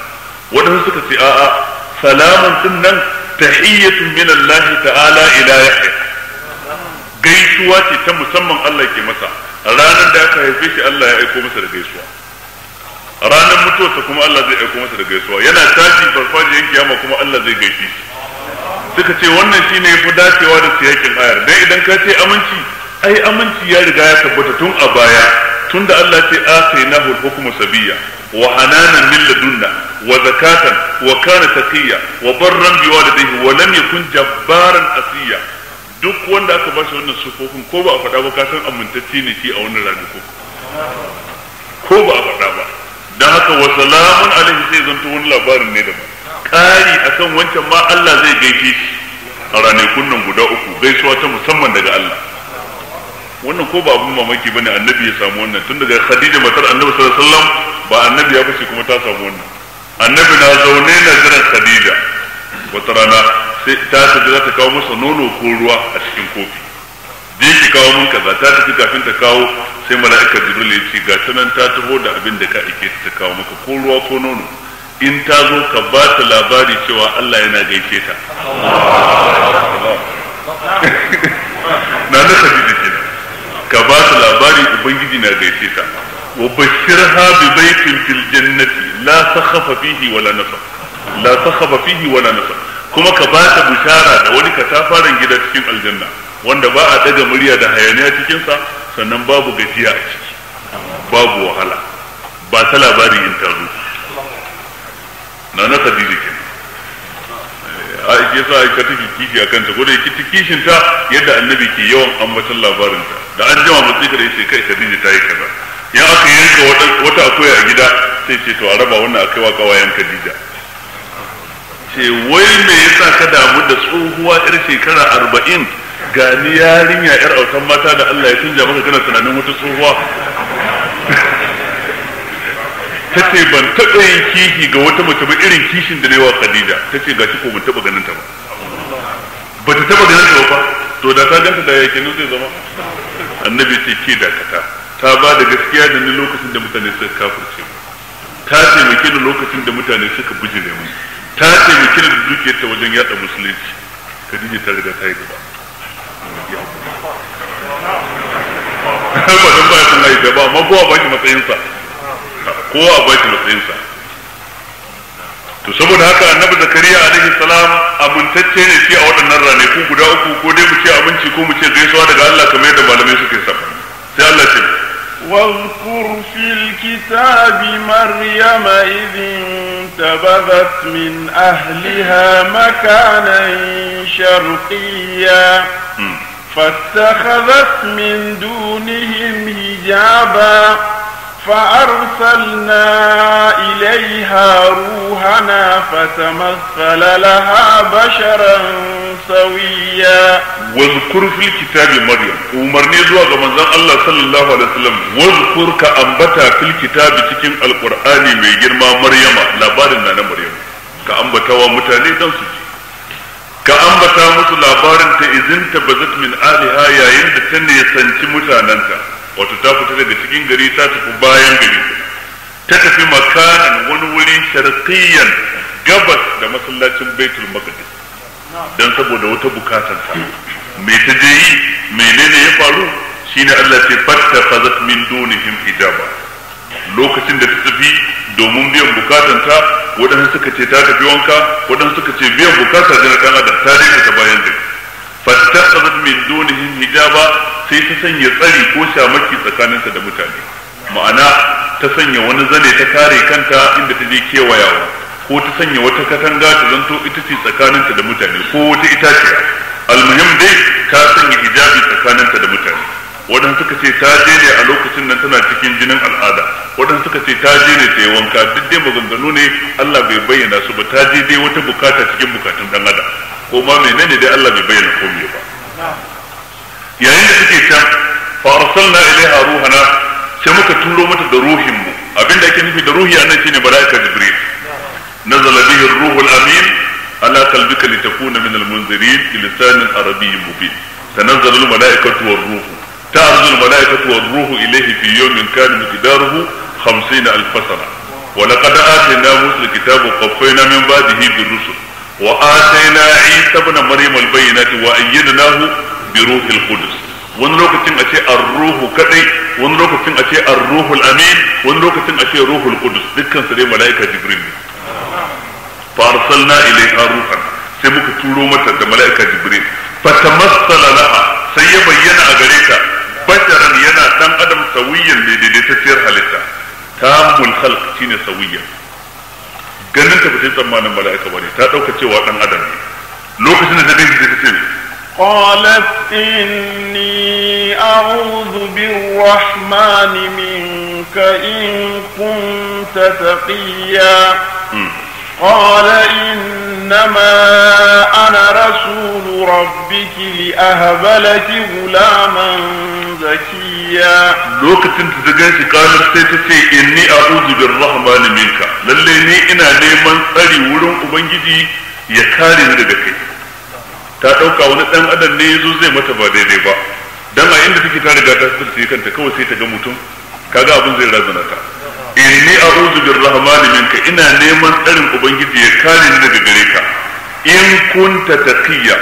Speaker 1: waɗansu suka ce a'a salamun din nan tahiyyatun min Allah ta'ala ila yahya gaisuwa ce ta musamman Allah ke masa ranar da aka haife shi Allah ya aiko masa da gaisuwa ranar mutuwarsa kuma Allah zai aiko masa da gaisuwa yana tashi farfajiyar kiyama kuma Allah zai gaishe shi suka ce wannan shine fi dacewa da siyakin ayar dan idan ka ce aminci ai aminci ya riga ya tabbata tun a baya tunda Allah ce atainahu al-hukmu sabiyya wa hananan min ladunna wa zakatan wa kana taqiyya wa barran biwalidayhi wa lam yakun jabbaran asiya duk wanda aka ba shi wannan sufofin ko ba a faɗa ba kasan amintacci ne shi a wannan ranakun ko ba a faɗa ba don haka wa salamun alaihi sai zanto wani labarin ne daban ƙari akan wancan ma Allah zai gaishe shi a ranakun nan guda uku gaisuwa ta musamman daga Allah wannan ko ba abun mamaki bane annabi ya samu wannan tun daga Khadija matar annabi sallallahu alaihi wasallam ba annabi ya bace kuma ta samu wannan annabi na zaune na jiran Khadija wata rana ta tafi za ta kawo masa nono ko ruwa a cikin kofi je ki kawo mun kaza ta tafi kafin ta kawo sai mala'ikar jibril ya ce ga ta nan ta taho da abin da ka ake ta kawo maka ko ruwa ko nono in ta zo ka ba ta labari cewa Allah yana gaishe ta na na khadija kenan ka ba ta labari ubangiji na gaishe ta wa bashirha bi baitin fil jannati la takhafa fihi wala nafa la takhafa fihi wala nafa kuma ka ba ta bishara da wani katafaren gida cikin aljanna wanda ba a daga murya da hayaniya cikinsa sannan babu gajiya a ciki babu wahala ba ta labari in taru. na na khadija kenan eh, a ke sa aika take kishi a kanta ko da yake ta kishin ta yadda annabi ke yawan ambatan labarin ta da an jima mutsi da yace kai khadija ta yi kaza ya aka yanka wata akwai a gida sai ce to a raba wannan akai wa kawayen khadija ce wai me yasa ka damu da tsohuwa yar shekara arba'in gani yarinya yar autan mata da Allah ya canja maka kana tunanin wata tsohuwa ta ce ban taɓa yin kishi ga wata mace ba irin kishin da na wa Khadija ta ce gashi ko ban taɓa ganin ta ba ba ta taɓa ganin ta ba to da ta ganta da yake nan zai zama annabi ce ke dakata ta ba da gaskiya da ni lokacin da mutane suka kafirce ta taimake ni lokacin da mutane suka bujire mu ta taimaki da dukiyarta wajen yada musulunci Khadija ta riga ta yi gaba ba dan baya sun haife ba amma kowa baki matsayinsa kowa baki matsayinsa to saboda haka annabi zakariya alaihi salam amintacce ne shi a waɗannan ko guda uku ko dai mu ce aminci ko mu ce gaisuwa daga Allah kamar yadda malamai suke sa sai Allah
Speaker 2: ce واذكر في الكتاب مريم إذ انتبذت من أهلها مكانا شرقيا فاتخذت من دونهم حجابا فأرسلنا إليها روحنا فتمثل لها بشرا
Speaker 1: سويا واذكر في الكتاب مريم ومرني زوا الله صلى الله عليه وسلم واذكر كأنبتا في الكتاب تكين القرآن من ما مريم لبارنا مريم كأنبتا ومتاني دنسك كأنبتا ambata لا labarin ta تبزت من آلها يا يند تني ta nisanci wato ta fita daga cikin gari ta tafi bayan gari ta tafi makanan wani wuri sharqiyan gabas da masallacin baitul maqdis dan saboda wata bukatar ta me ta je yi menene ya faru shine Allah ce fatta fazat min dunihim hijaba lokacin da ta tafi domin biyan bukatar ta suka ce ta tafi wanka waɗansu suka ce biyan bukatar da kan adam ta dai ta bayan gari fattakhadhat min dunihim hijaba sai ta sanya tsari ko shamaki tsakaninta da mutane ma'ana ta sanya wani zane ta kare kanta inda ta je kewayawa ko ta sanya wata katanga ta zanto ita ce tsakaninta da mutane ko wata itaciya almuhim dai ta sanya hijabi tsakaninta da mutane wadan suka ce ta je ne a lokacin nan tana cikin jinin al'ada wadan suka ce ta je ne ta yi wanka duk dai maganganu ne Allah bai bayyana su ba ta je dai wata bukata cikin bukatun dan adam ko ma menene dai Allah bai bayyana komai ba yayin da suke can fa arsalna ilaiha ruhana sai muka turo mata da ruhin mu abinda ake nufi da ruhi annan shine malaika jibril nazala bihi ruhul amin ala qalbika litakuna min almunzirin bi lisanin arabiyyin mubin تنزل ruhu ilaihi تعرض الملائكة والروح إليه في يوم كان مقداره خمسين ألف سنة ولقد آتينا موسى الكتاب وقفينا من بعده بالرسل wa atayna isa ibn maryam al bayyinati wa ayyadnahu bi ruhil qudus wani lokacin a ce ar kadai wani lokacin a ce ar-ruhul wani lokacin a ce ruhul qudus dukkan su dai malaika jibril ne fa arsalna ilayha ruhan sai muka turo mata da malaika jibril fa tamassala laha sai ya bayyana a gare ta basharan yana dan adam sawiyan ta daidaitacciyar halitta tamul khalq shine sawiyan ganin ta fitin tsammanin mala'ika bane ta dauka cewa dan adam ne lokacin da ta dace ta
Speaker 2: ce qalat inni a'udhu birrahmani minka in kunta taqiya hmm. قال إنما أنا رسول ربك لأهب لك غلاما زكيا
Speaker 1: لوكتن تزغنش قالت سيتسي إني أعوذ بالرحمن منك لليني إنا نيمان تري ورن أبنجدي يكاري ردكي ta ɗauka wani ɗan adam ne ya zo zai mata ba daidai ba dan a inda take ta riga ta sai kanta kawai sai ta ga mutum kaga abin zai razana ta inni a'udhu birrahmani minka ina neman tsarin ubangiji ya kare ni daga gare ka in kunta taqiya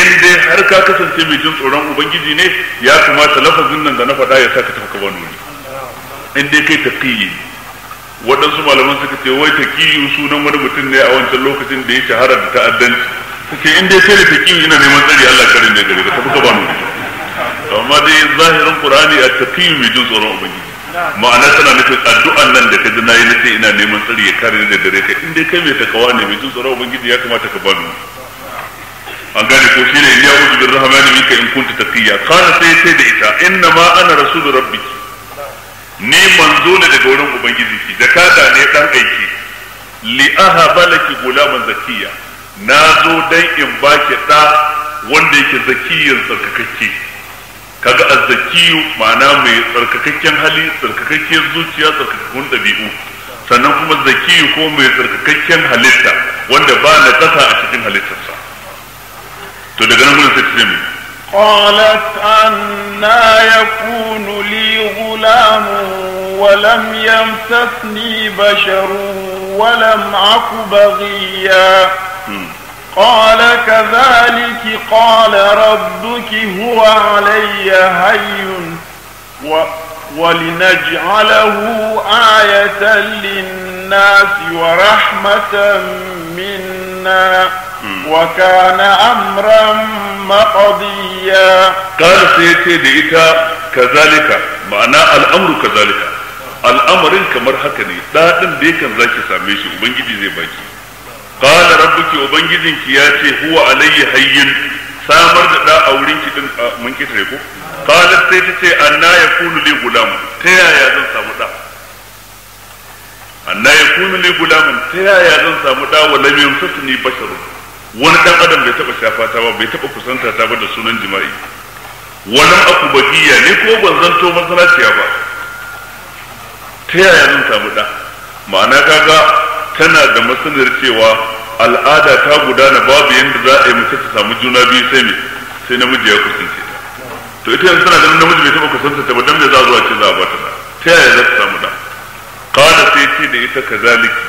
Speaker 1: in dai har ka kasance mai jin tsoron ubangiji ne ya kamata lafazin nan da na faɗa ya saka tafka ba nuni in dai kai taqiyi waɗansu malaman suka ce wai taqiyi sunan wani mutum ne a wancan lokacin da ya shahara da ta'addanci kuke in dai kai taqiyi ina neman tsari Allah kare daga gare ka tafka ba nuni amma dai zahirin qur'ani a taqiyi mai jin tsoron ubangiji ma'ana tana nufin addu'an nan da ka ji nayi nace ina neman tsari ya kare ni da dare ka in dai kai mai takawa ne mai jin tsoron ubangiji ya kamata ka bani an gane ko shine ya uzu rahama rahmani minka in kunta tafiya, kana sai sai da ita inna ma ana rasulur rabbiki ni manzo ne daga wurin ubangiji ki da jakata ne dan aiki li aha balaki gulaman zakiya na zo dan in baki da wanda yake zakiyin tsarkakakke kaga azzakiyu ma'ana mai tsarkakakken hali tsarkakakken zuciya tsarkakakkun ɗabi'u sannan kuma zakiyu ko mai tsarkakakken halitta wanda ba na ƙasa a cikin halittarsa to daga nan gudun sai ta ce
Speaker 2: قالت أنا يكون لي غلام ولم يمسسني بشر ولم أك بغيا قال كذلك قال ربك هو علي هين ولنجعله آية للناس ورحمة منا وكان أمرا مقضيا
Speaker 1: قال سيتي ديتا كذلك معنى الأمر كذلك الأمر كمرحكني haka ne daɗin da yakan ومنجي same shi qala rabbuki ubangijinki ya ce huwa alayhi hayyin samar da da a wurin ki din mun kitare ko qalat sai ta ce anna yakunu li gulam ta yaya zan samu da anna yakunu li gulam ta yaya zan samu da wa lam yamsasni basharu wani dan adam bai taba shafa ta ba bai taba kusanta ta ba da sunan jima'i Wani aku bagiya ne ko ban zanto masalaciya ba ta yaya zan samu da ma'ana kaga tana da masanar cewa al'ada ta gudana babu yadda za a yi mace ta samu juna biyu sai me sai namiji ya kusance ta to ita yanzu tana ganin namiji bai taɓa kusanta ta ba dan me za zuwa ce za a bata da ta yaya za ta samu da qala sai ce da ita kazaliki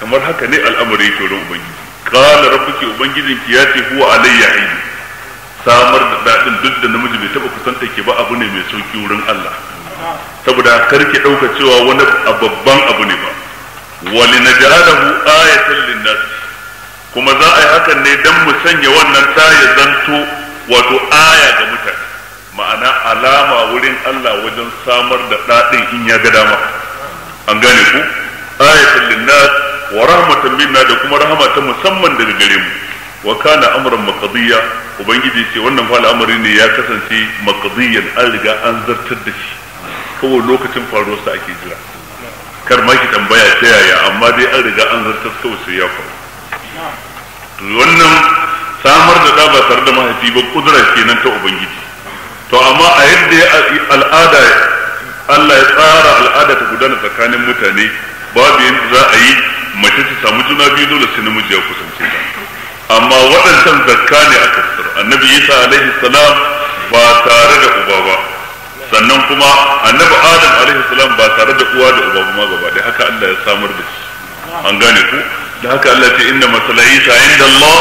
Speaker 1: kamar haka ne al'amari yake wurin ubangiji qala rabbuki ubangijinki ya ce huwa alayya aini samar da dadin duk da namiji bai taɓa kusanta ki ba abu ne mai sauki wurin Allah saboda kar ki ɗauka cewa wani babban abu ne ba wali naj'alahu ayatan linnas kuma za a yi hakan ne dan mu sanya wannan ta ya zanto wato aya ga mutane ma'ana alama wurin Allah wajen samar da dadin in ya ga dama an gane ku ayatan linnas wa rahmatan minna da kuma rahama ta musamman daga gare mu wa kana amran maqdiya ubangiji ce wannan fa al'amari ne ya kasance maqdiyan an riga an zartar da shi kawai lokacin faruwarsa ake jira kar ma ki tambaya ta yaya amma dai an riga an zarta kawai sai ya
Speaker 3: faru
Speaker 1: wannan samar da da ba tare da mahaifi ba kudura kenan ta ubangiji to amma a yadda al'ada Allah ya tsara al'ada ta gudana tsakanin mutane babu yadda za a yi mace ta samu juna biyu dole sai namiji ya kusance ta amma waɗancan zakka ne aka fitar annabi Isa alaihi salam ba tare da uba ba sannan kuma annabi adam alaihi salam ba tare da uwa da uba ma gaba da haka Allah ya samar da shi an gane ku da haka Allah ce inna masala inda Allah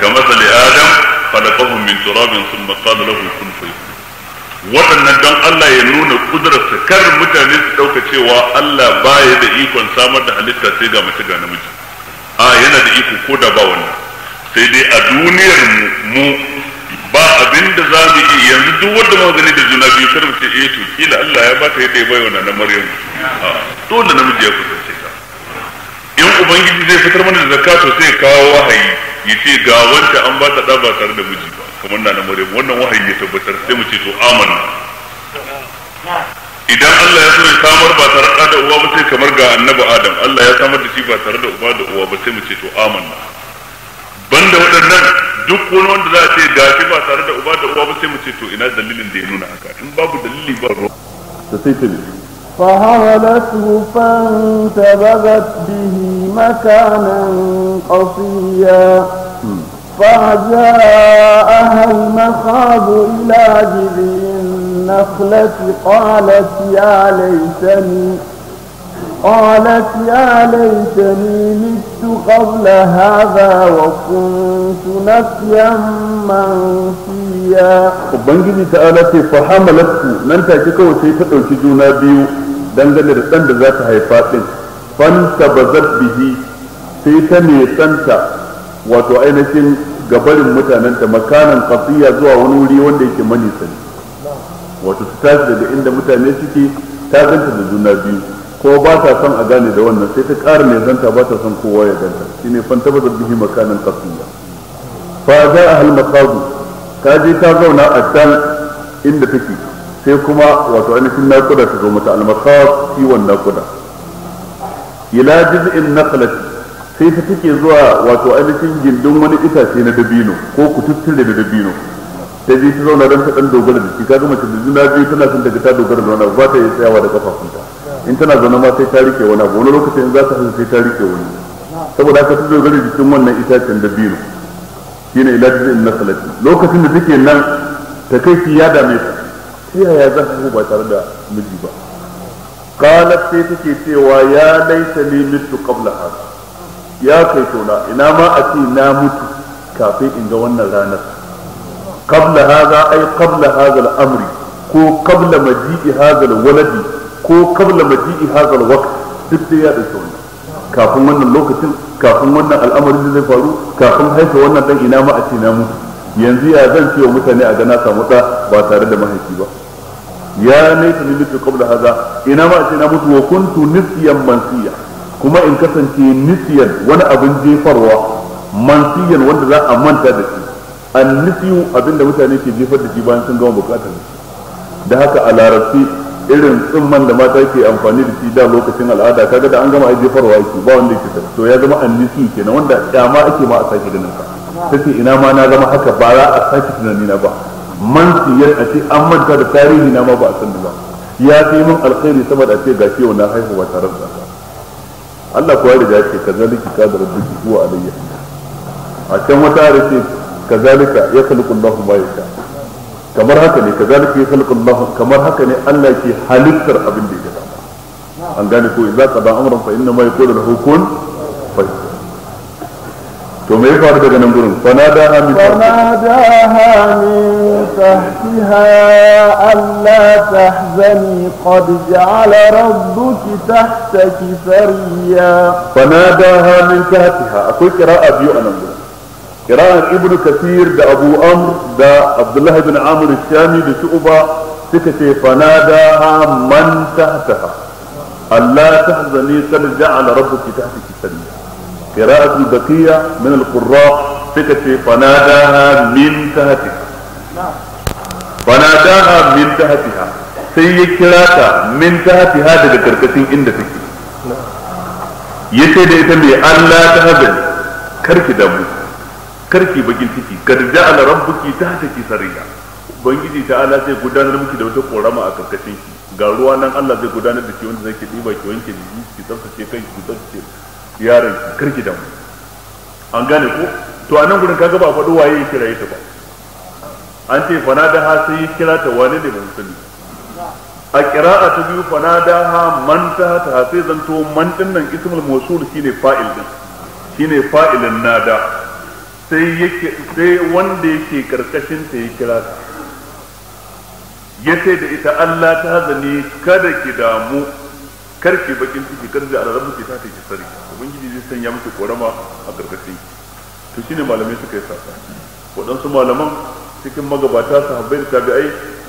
Speaker 1: ka masali adam khalaqahu min turabin thumma qala lahu kun fayakun waɗannan don Allah ya nuna kudurarsa kar mutane su ɗauka cewa Allah baya da ikon samar da halitta sai ga mace ga namiji a yana da iko ko da ba wannan sai dai a duniyar mu ba abin da za mu yi yanzu duk wanda mu da juna biyu kar mu ce eh to kila Allah ya bata yadda ya bai wa na Maryam na namiji ya kusance ta in ubangiji zai fitar mana da zakka to sai kawo wahayi ya ce ga wanda an ba ta da ba tare da miji ba kamar na Maryam wannan wahayi ya tabbatar sai mu ce to amana idan Allah ya so ya samar ba tare da uwa ba sai kamar ga annabi Adam Allah ya samar da shi ba tare da uwa da uwa ba sai mu ce to amanna banda waɗannan duk wani wanda za a ce shi ba tare da uba da uwa ba sai mu ce to ina dalilin da ya nuna haka in babu dalili ba ruwa da sai ta
Speaker 2: فهملته فانتبذت به مكانا قصيا فجاءها المخاض إلى جذع النخلة قالت يا ليتني قالت يا ليتني مت قبل هذا وكنت نسيا منسيا
Speaker 1: ubangiji ta alace fa hamalatu nan take kawai sai ta ɗauki juna biyu dangane da ɗan da za ta haifa ɗin fanta bazar bihi sai ta nesanta wato ainihin gabarin mutanenta makanan kafiya zuwa wani wuri wanda yake manisani wato ta tashi daga inda mutane suke ta ganta da juna biyu ko ba ta son a gane da wannan sai ta ƙara mai zanta ba ta son kowa ya ganta shine fantaba da bihi makanin qasiya fa za a maqadu ka je ta zauna a can inda take sai kuma wato ainihin naƙuda ta zo mata al-maqad kiwon naƙuda ila jiz'in sai ta take zuwa wato ainihin gindin wani itace na dabino ko kututture da dabino ta je ta zauna don ta dan dogara da shi kaga mace da juna biyu tana son daga ta dogara da wani ba ta yi tsayawa da kafafunta in tana zama ma sai ta rike wani abu wani lokacin za ta hasa sai wani saboda haka ta dogara jikin wannan itacen da biyu ilajin in na salati lokacin da take nan ta kai shi ya dame ta yaya za ta ba tare da miji ba kalar sai take cewa ya laisa ne mitu kabla ya kai tona ina ma a ce na mutu kafin in ga wannan ranar kabla haza ai kabla hadha amri ko kabla maji'i hazal waladi ko kabla maji'i hazal waqt duk da ya dauke wannan kafin wannan lokacin kafin wannan al'amarin da zai faru kafin haifa wannan dan ina ma a ce na mutu yanzu ya zan ce wa mutane a gana samu da ba tare da mahaifi ba ya naita ni mutu kabla haza ina ma a ce na mutu wa kuntu nisyan mansiya kuma in kasance nisyan wani abin jefarwa mansiyan wanda za a manta da shi an abin abinda mutane ke jefar da shi bayan sun gama bukatar da haka a larabci irin tsumman da mata ke amfani da shi da lokacin al'ada kaga da an gama ajiye farwa yake ba wanda yake ta to ya zama annisi kenan wanda kyama ake ma a sake ganin ka. tace ina ma na zama haka ba za a sake tunani na ba man siyar a ce an manta da tarihi na ma ba a san ba ya fi min alkhairi saboda a ce ga shi wannan haihuwa tare da Allah kuwa riga ya ce kazalika kadar duki huwa alayya a can wata ce kazalika ya khaliqu Allahu ma yasha kamar haka ne kazalika yakhluqullahu kamar haka ne Allah ke halittar abin da yake dama an gane ko idza qada amran fa inna ma yaqulu lahu kun fa to me faru daga nan gurin fanadaha min
Speaker 2: fanadaha min tahtiha alla tahzani qad ja'ala rabbuki tahtaki sariya
Speaker 1: fanadaha min tahtiha akwai qira'a biyu anan gurin kira ibnu kasir da abu amr da abdullah bin amr shami da shu'ba suka ce fanadaha man tahtaha Allah tahzani qad ja'ala rabbuki tahtaki sariya qira'atul baqiya min al-qurra suka ce fanadaha min tahtiha fanadaha min sai ya kira ta min tahtiha daga karkashin inda take yace da ita mai Allah ta karki damu karki bakin ciki karja ala rabbuki ta ta ki sariya ubangiji ta ala zai gudanar miki da wata korama a karkashin ki ga ruwa nan Allah zai gudanar da ki wanda zai ki diba ki wanke jiki ki tsaftace kai ki tsaftace yaron ki karki da mu an gane ko to a nan gurin kaga ba faɗo waye ya kira ita ba an ce fanada ha sai ya kira ta wani ne ba sani a kira'a ta biyu fanada ha man ta ta sai zanto man din nan ismul mawsul shine fa'il din shine fa'ilin nada sai yake sai wanda yake karkashin ta ya kira ta yace da ita Allah ta zani kada ki damu kar ki bakin ciki kar da alarabu ki ta ta ki sari ubangiji zai sanya miki korama a karkashin to shine malamai suka yi sasa waɗansu malaman cikin magabata su sahabbai da tabi'ai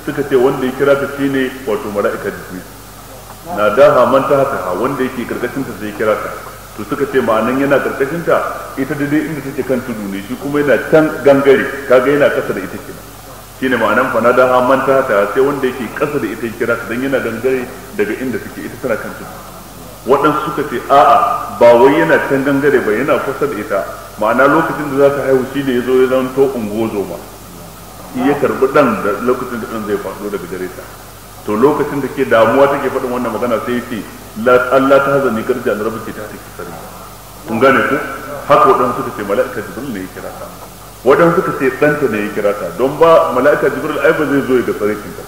Speaker 1: suka ce wanda ya kira ta shine wato mala'ika jibril na da haman ta haka wanda yake karkashin ta sai kira ta to suka ce ma'anan yana karkashin ta ita daidai inda take kan tudu ne shi kuma yana can gangare kaga yana kasa da ita ke shi ne ma'anan fana da manta ta sai wanda yake kasa da ita kira ta dan yana gangare daga inda take ita tana kan tudu waɗansu suka ce a'a ba wai yana can gangare ba yana kusa da ita ma'ana lokacin da za ta haihu shi ne ya zo ya to ungozo ma iya karbi dan da lokacin da dan zai faɗo daga gare ta to lokacin da ke damuwa take faɗin wannan magana sai ce Allah ta hazani karji an rabu ce ta take sarki kun gane ku haka wadan suka ce mala'ika jibril ne ya kira ta wadan suka ce ɗanta ne ya kira ta don ba mala'ika jibril ai ba zai zo ya ga sarkin ba.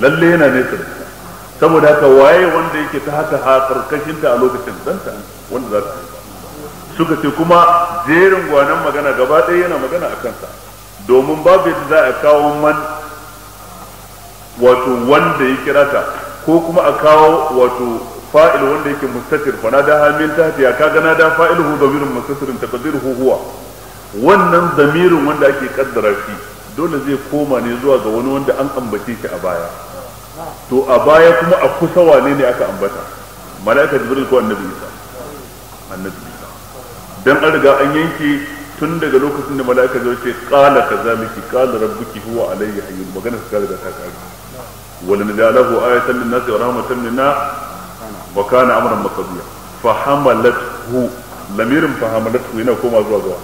Speaker 1: lalle yana ne sarki saboda haka waye wanda yake ta haka ha karkashin ta a lokacin ɗanta wanda za ta suka ce kuma jerin gwanan magana gaba ɗaya yana magana a kansa domin babu yadda za a kawo man wato wanda ya kira ta ko kuma a kawo wato fa'il wanda yake mustatir fa nada ta tahtiya kaga nada fa'iluhu dhamirun mustatirin hu huwa wannan zamirin wanda ake kaddara shi dole zai koma ne zuwa ga wani wanda an ambace shi a baya to a baya kuma a kusa wane ne aka ambata mala'ika jibril ko annabi isa annabi isa dan an riga an yanke tun daga lokacin da mala'ika zai ce qala kazaliki qala rabbuki huwa alayhi hayyun magana ta riga ta kare ولنجعله آية للناس ورحمة منا وكان أمرا مقضيا فحملته لمير فحملته هنا كما زوجها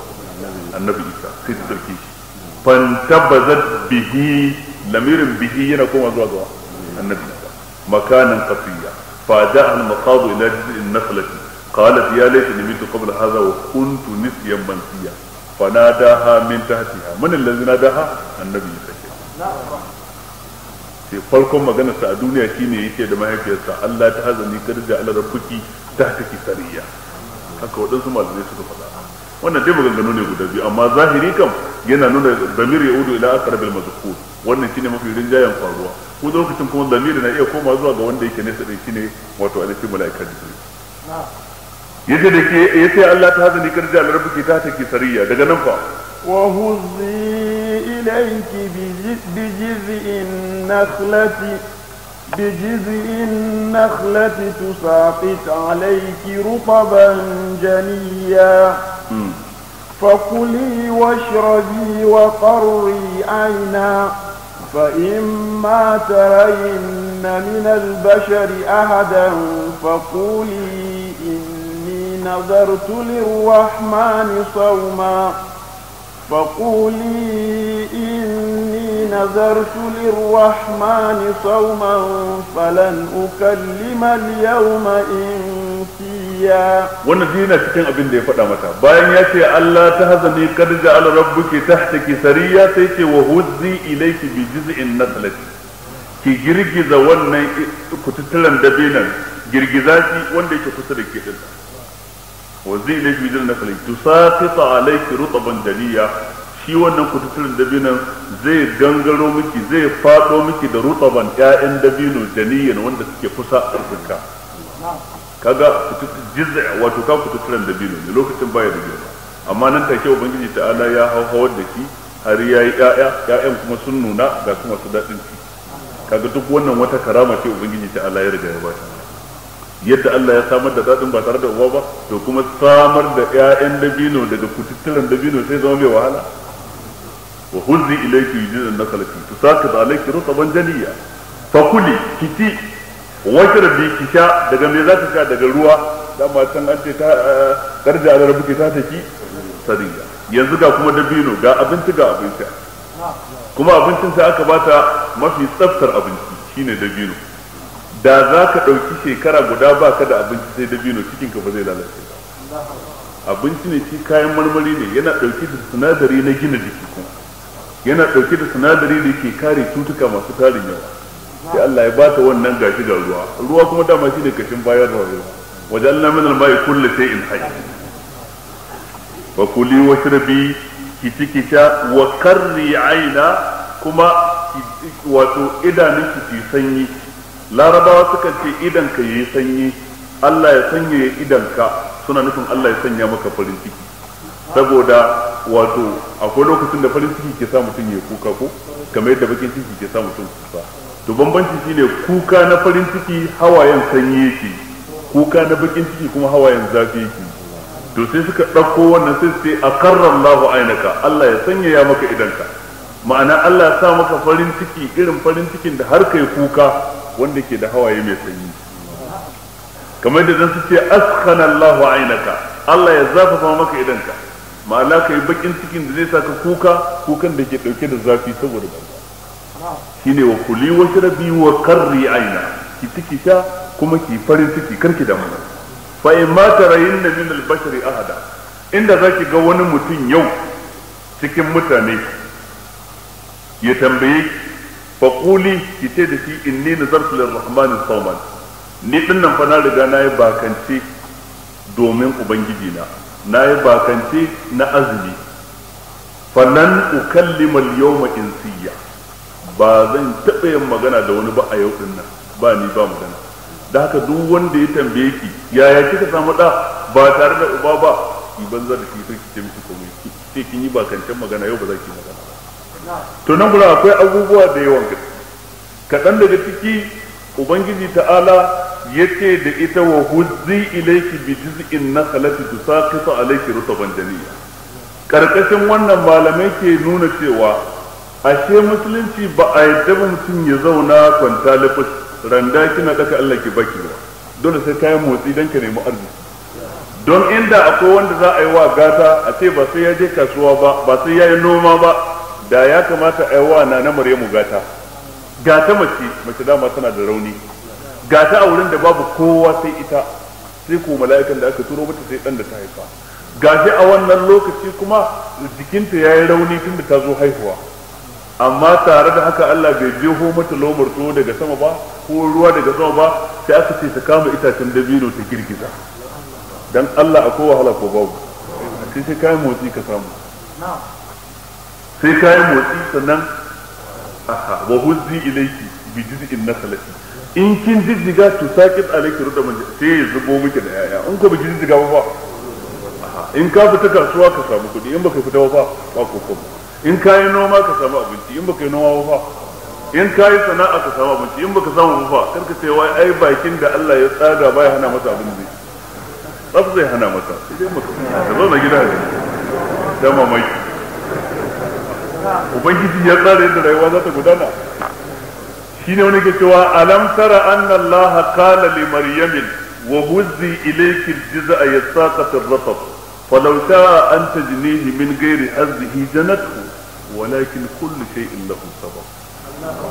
Speaker 1: النبي عيسى سيد تركي فانتبذت به لمير به هنا كما زوجها النبي عيسى مكانا قصيا فجاء المخاض إلى جزء النخلة قالت يا ليتني مت قبل هذا وكنت نسيا منسيا فناداها من تحتها من الذي ناداها النبي عيسى sai farkon maganarsa a duniya shine yake da mahaifiyarsa Allah ta hazani karja da kuki ta take sariya haka waɗansu malamai suka faɗa wannan dai maganganu ne guda biyu amma zahiri kam yana nuna damir ya udu ila aqrabil mazkur wannan shine mafi rinjayen faruwa ko lokacin kuma damir na iya koma zuwa ga wanda yake nesa da shine wato alifin malaika jibril yaje da ke yace Allah ta hazani karja da kuki ta take sariya daga nan fa
Speaker 2: wa huzi إليك بجذع النخلة بجذع النخلة تساقط عليك رطبا جنيا فكلي واشربي وقري عينا فإما ترين من البشر أحدا فقولي إني نذرت للرحمن صوما فقولي إني نذرت للرحمن صوما فلن أكلم اليوم إنسيا
Speaker 1: ونزينا cikin abin دي فتا faɗa باين ياتي ألا تهزني قد جعل ربك تحتك سريا تيتي وهزي إليك بجزء ce ki girgiza wannan kututturan dabinan girgiza shi wanda yake kusa da ke dinsa wa zai lafi zai na kalin tusaqita alayki rutaban daniya shi wannan kututturin dabino zai gangaro miki zai fado miki da rutaban ƴaƴan dabino daniyan wanda suke kusa a fuska kaga jizza wato ka kututturen dabino a lokacin baya da girma amma nan take ubangiji ya hauhawar da shi har yayi ƴaƴa ƴaƴan kuma sun nuna ga kuma su daɗin ci kaga duk wannan wata karama ce ubangiji allah ya riga ya bata yadda Allah ya samar da zaɗin ba tare da uwa ba to kuma samar da ƴaƴan dabino daga kututturen dabino sai zama mai wahala wa huzzi ilayki yujizan nakalati tusaqit alayki rutban janiya fa kuli kiti ki kisha daga me zaka sha daga ruwa dama can an ce ta karja eh, da rabuki ta taki sadiya yanzu ga kuma dabino ga abinci ga abinci kuma abincin sai aka bata mafi tsaftar abinci shine dabino da za ka ɗauki shekara guda ba ka da abinci sai dabino cikin ka ba zai lalace ba abinci ne shi kayan marmari ne yana ɗauki da sinadari na gina jiki kuma yana ɗauki da sinadari da ke kare cutuka masu tarin yawa sai Allah ya bata wannan gashi ga ruwa ruwa kuma dama shi ne kashin bayan rayuwa wajen Allah min kulle kullu shay'in hayy wa kuli washrabi ki ciki sha wa karri aina kuma wato idanun ki sanyi larabawa suka ce idan ka yi sanyi Allah ya sanya idan ka suna nufin Allah ya sanya maka farin ciki saboda wato akwai lokacin da farin ciki ke sa mutum ya kuka ko kamar yadda bakin ciki ke sa mutum kuka to bambanci shine kuka na farin ciki hawayen sanyi yake kuka na bakin ciki kuma hawayen zafi yake to sai suka ɗauko wannan sai sai a karran lahu ainaka Allah ya sanya ya maka idanka ma'ana Allah ya sa maka farin ciki irin farin cikin da har kai kuka wanda ke da hawaye mai sanyi kamar da zan su ce askhana Allahu ainaka Allah ya zafafa maka idanka ma'ana ka yi bakin cikin da zai saka kuka kukan da ke ɗauke da zafi saboda banza shine wa kuli wa shrabi wa qarri aina ki tiki sha kuma ki farin ciki karki da mana fa in ma tarayinna min al a ahada inda zaki ga wani mutum yau cikin mutane ya tambaye faquli ki ce da shi inni nazartu lirrahmani sawman ni dinnan fa na riga nayi bakance domin ubangiji na nayi bakance na azumi falan ukallima al-yawma insiya ba zan taɓa yin magana da wani ba a yau dinnan nan ba ni ba magana da haka duk wanda ya tambaye ki yaya kika samu da ba tare da uba ba ki banza da ki sai ki ce miki komai sai kin yi bakancin magana yau ba za ki magana to nan gura akwai abubuwa da yawan gaske kaɗan daga ciki ubangiji ta'ala ya ce da ita wa huzzi ilaiki bi jiz'in nakhlati tusaqitu alayki rutaban janiya karkashin wannan malamai ke nuna cewa ashe musulunci ba a yadda ba mutum ya zauna kwanta lafis randa kina daka Allah ki baki ba dole sai kayan motsi dan ka nemi arziki don inda akwai wanda za a yi wa gata a ce ba sai ya je kasuwa ba ba sai ya yi noma ba da ya kamata a yawa na na maryamu gata gata mace mace dama tana da rauni gata a wurin da babu kowa sai ita sai ko mala'ikan da aka turo mata sai dan da ta haifa gashi a wannan lokaci kuma jikinta ya yi rauni tun da ta zo haihuwa amma tare da haka Allah bai je ho mata lomar tuwo daga sama ba ko ruwa daga sama ba sai aka ce ta kama itacen dabino ta girgiza dan Allah akwai wahala ko babu sai sai kayan motsi ka samu sai kayan motsi sannan aha wa huzzi ilayki bi jiz'in nakalati in kin jijjiga to sakit alayki rudda man sai ya zubo miki da yaya in ko biki jijjiga ba in ka fita kasuwa ka samu kuɗi in baka fita ba ba ko kuma in ka yi noma ka samu abinci in baka yi noma ba in ka yi sana'a ka samu abinci in baka samu ba kar ka sai wai ai bakin da Allah ya ba ya hana masa abin da tsaf zai hana masa sai dai maka da ba na gida da mamaki ubangiji ya tsara yadda rayuwa za ta gudana shine wani ke cewa alam tara anna allaha qala li maryamin wa huzzi ilayki al-jiz'a yasaqat ar-rasab falau sha'a an tajnihi min ghairi azhi janatu walakin kullu shay'in lahu sabab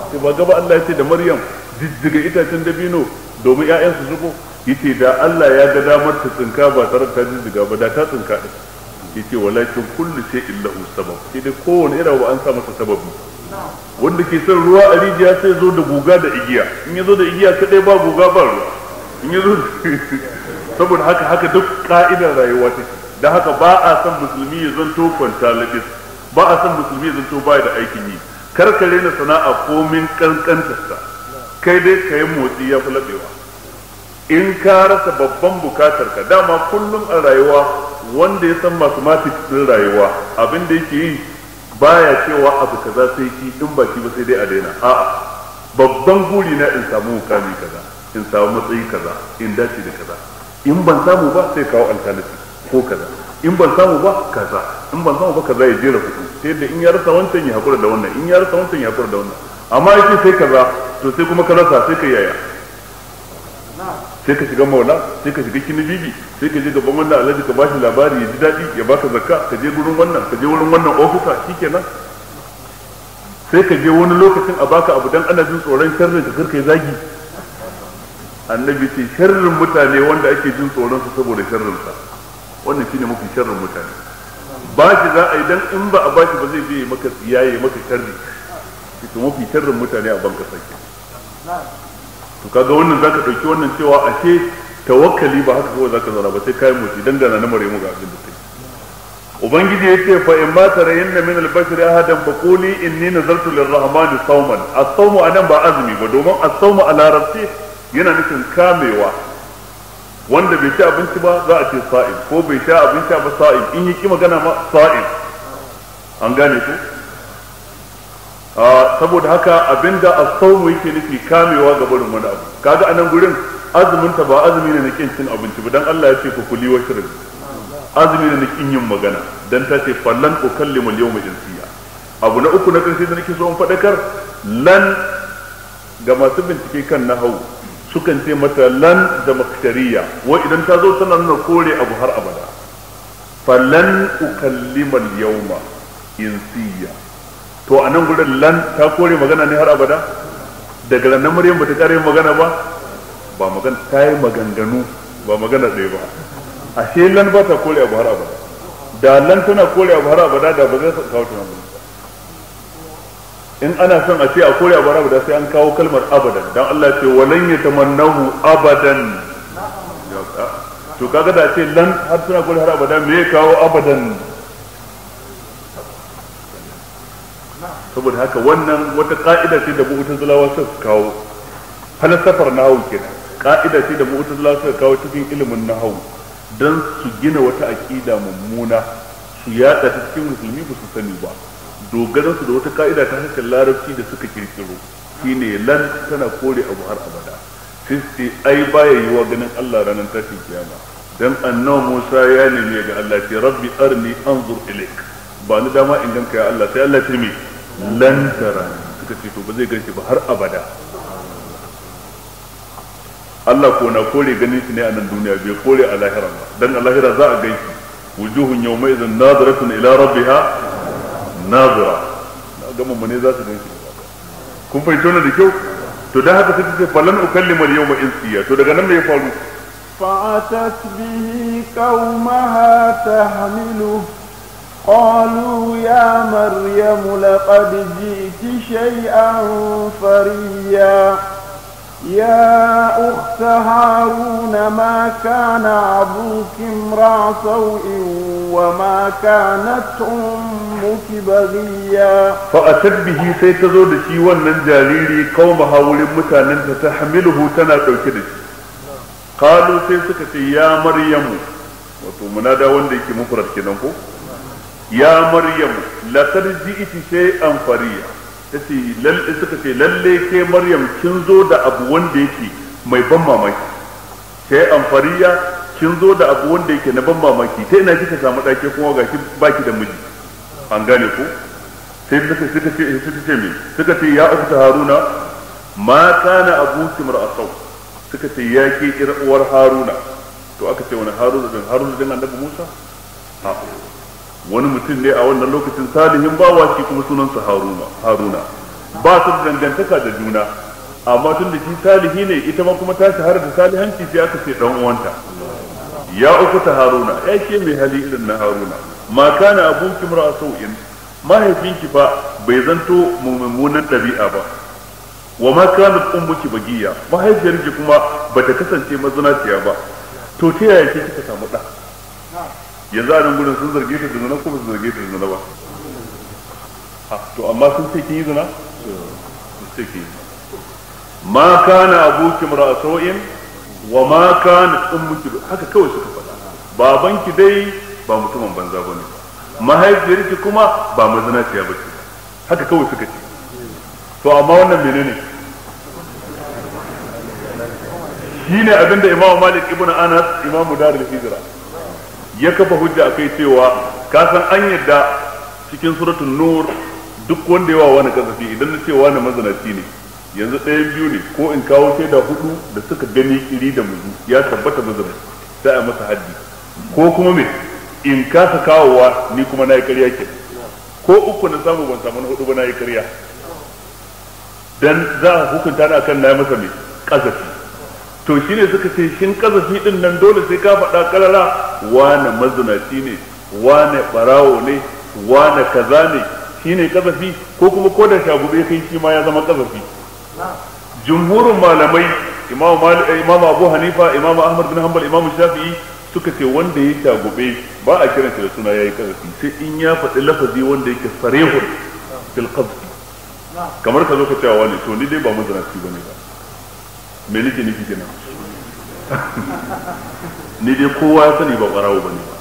Speaker 1: sai ba gaba Allah ya ce da Maryam jijjiga itacen dabino domin 'ya'yansu zubo yace da Allah ya ga damar ta tsinka ba tare ta jijjiga ba da ta tsinka din yace walakin kullu illa hu sabab sai dai kowane irin abu an sa masa sababi wanda ke son ruwa a rijiya sai zo da guga da igiya in ya zo da igiya kada ba guga ba ruwa in ya zo saboda haka haka duk ka'idar rayuwa take dan haka ba a son musulmi ya zanto kwanta labis ba a son musulmi ya zanto baya da aikin yi kar ka rena sana'a komin kankantarsa kai dai kai motsi ya fi laɓewa in ka rasa babban bukatar ka dama kullum a rayuwa wanda ya san mathematics din rayuwa abin da yake yi baya cewa abu kaza sai ki in baki ba sai dai a daina a'a babban guri na in samu mukami kaza in samu matsayi kaza in dace da kaza in ban samu ba sai kawo alternative ko kaza in ban samu ba kaza in ban samu ba kaza ya jera hudu sai da in ya rasa wancan ya hakura da wannan in ya rasa wancan ya hakura da wannan amma yake sai kaza to sai kuma ka rasa sai ka yaya sai ka shiga maula sai ka shiga kinibibi sai ka je gaban wannan alhaji ka bashi labari ya ji daɗi ya baka zakka ka je gurin wannan ka je wurin wannan ofisa shikenan sai ka je wani lokacin a baka abu dan ana jin tsoron sharrin ka karka zagi annabi ce sharrin mutane wanda ake jin tsoron su saboda sharrin sa wannan shine mafi sharrin mutane ba shi za a yi dan in ba a ba shi ba zai je maka tsiyaye maka sharri to mafi sharrin mutane a banka
Speaker 3: sai
Speaker 1: to kaga wannan zaka dauki wannan cewa ashe tawakkali ba haka kawai zaka zara ba sai kai mutu da na mare mu ga abin da kai ubangiji ya ce fa in ma tarayyanna min al-bashri ahadan fa quli inni nazartu lir-rahmani sawman as a nan ba azumi ba domin as-sawmu a larabci yana nufin kamewa wanda bai ci abinci ba za a ce sa'in ko bai sha abinci ba sa'in in yi ki magana ma sa'in an gane ku saboda haka abinda as-sawmu yake nufi kamewa ga barin wani abu kaga anan gurin azumin ta ba azumi ne na kin cin abinci ba dan Allah ya ce ku kuli wa shirin azumi ne na kin yin magana dan ta ce fallan ukallimu al-yawma jinsiya abu na uku na karshe da nake so in fadakar lan ga masu bincike kan nahawu sukan ce mata lan da maktariya wa idan ta zo tana nuna kore abu har abada falan ukallima al-yawma insiya to a nan gurin lan ta kore magana ne har abada daga nan maryam bata kare magana ba ba magana ta yi maganganu ba magana ɗaya ba ashe lan ba ta kore abu har abada da lan tana kore abu har abada da ba zai kawo tunan in ana son a ce a kore abu har abada sai an kawo kalmar abadan dan Allah ce walan yatamannahu abadan to kaga da ce lan har tana kore har abada me ya kawo abadan saboda haka wannan wata ka'ida ce da zulawa suka kawo falsafar nahwu kenan ka'ida ce da zulawa suka kawo cikin ilimin hau. dan su gina wata aqida mummuna su yada ta cikin musulmi ba su sani ba dogaran su da wata ka'ida ta harka larabci da suka kirkiro shine lan tana kore abu har abada sai ai baya yiwa ganin Allah ranar tashin kiyama dan annabi Musa ya nemi ga Allah ce rabbi arni anzur ilaik ba ni dama in ganka ya Allah sai Allah ya Lantara suka ce to ba zai gaishe ba har abada Allah ko na kore ganin shi ne a nan duniya bai kore a lahira ba dan a lahira za a gaishe wujuhun yawma idan nadiratun ila rabbiha nadira ga mu ne za su gaishe kun fahimci wannan da kyau to da haka sai ce falan ukallima al-yawma insiya to daga nan me ya faru
Speaker 2: fa'atat bihi qaumaha tahmiluhu قالوا يا مريم لقد جئت شيئا فريا يا أخت هارون ما كان عبوك امرأ سوء وما كانت أمك بغيا
Speaker 1: فأتت به سيتزود شي ونن جاريري قوم هاول متانا تحمله تنا توكدش قالوا سيسكت يا مريم وتمنى دا وندي كي مفرد كده ya maryam iti sai an fariya tace lalle suka ce lalle ke maryam kin zo da abu wanda yake mai ban mamaki an fariya kin zo da abu wanda yake na ban mamaki sai ina kika samu dake kuma ga ki baki da miji an gane ku. sai suka suka ce suka ce me suka ce ya ukhta haruna ma kana kimar asau suka ce ya ke ir uwar haruna to aka ce wani haruna din haruna din annabi musa a'a wani mutum ne a wannan lokacin salihin bawa shi kuma sunansa haruna ba su dangantaka da juna amma tun da shi salihi ne ita ma kuma ta shahara da salihanci sai aka ce dan uwanta ya uku ta haruna ya ke mai hali irin na haruna ma kana abuki a sau'in mahaifinki fa bai zanto mummunan ɗabi'a ba wa ma kana ummuki bagiya ki kuma bata kasance mazinaciya ba to ta yaya kika samu ɗa yanzu a nan gudun sun zarge ta zina ko ba su zarge ta zina ba to amma sun ce yi zina sun ce yi ma kana abuki mara'asawin wa ma kana ummuki haka kawai suka faɗa babanki dai ba mutumin banza ba ne mahaifiyarki kuma ba mazinaciya ba ce haka kawai suka ce to amma wannan menene shine abinda imamu malik ibn anas imamu darul hijra ya kafa hujja akai cewa ka san an yadda cikin suratul nur duk wanda yawa wani kasafi idan na ce na mazanaci ne yanzu ɗayan biyu ne ko in kawo shaida hudu da suka gani iri da muzu ya tabbata mazanaci sai a masa haddi ko kuma me in kasa kawowa ni kuma na yi karya ke ko uku na samu ban samu na hudu ba na yi karya dan za a hukunta na kan na masa me kasafi to shi ne suka ce shin kazafi din nan dole sai ka faɗa kalala wane mazunaci ne wane barawo ne wane kaza ne shine kazafi ko kuma ko da shagube kai shi ma ya zama kazafi jumhurin malamai imam imam abu hanifa imam ahmad bin hanbal imam shafi'i suka ce wanda ya shagube ba a kiran shi da suna yayi kazafi sai in ya faɗi lafazi wanda yake sarehun fil qazfi kamar ka zo ka cewa ne to ni dai ba ba bane ba me nake nufi kenan ni dai kowa ya sani ba barawo ba ne ba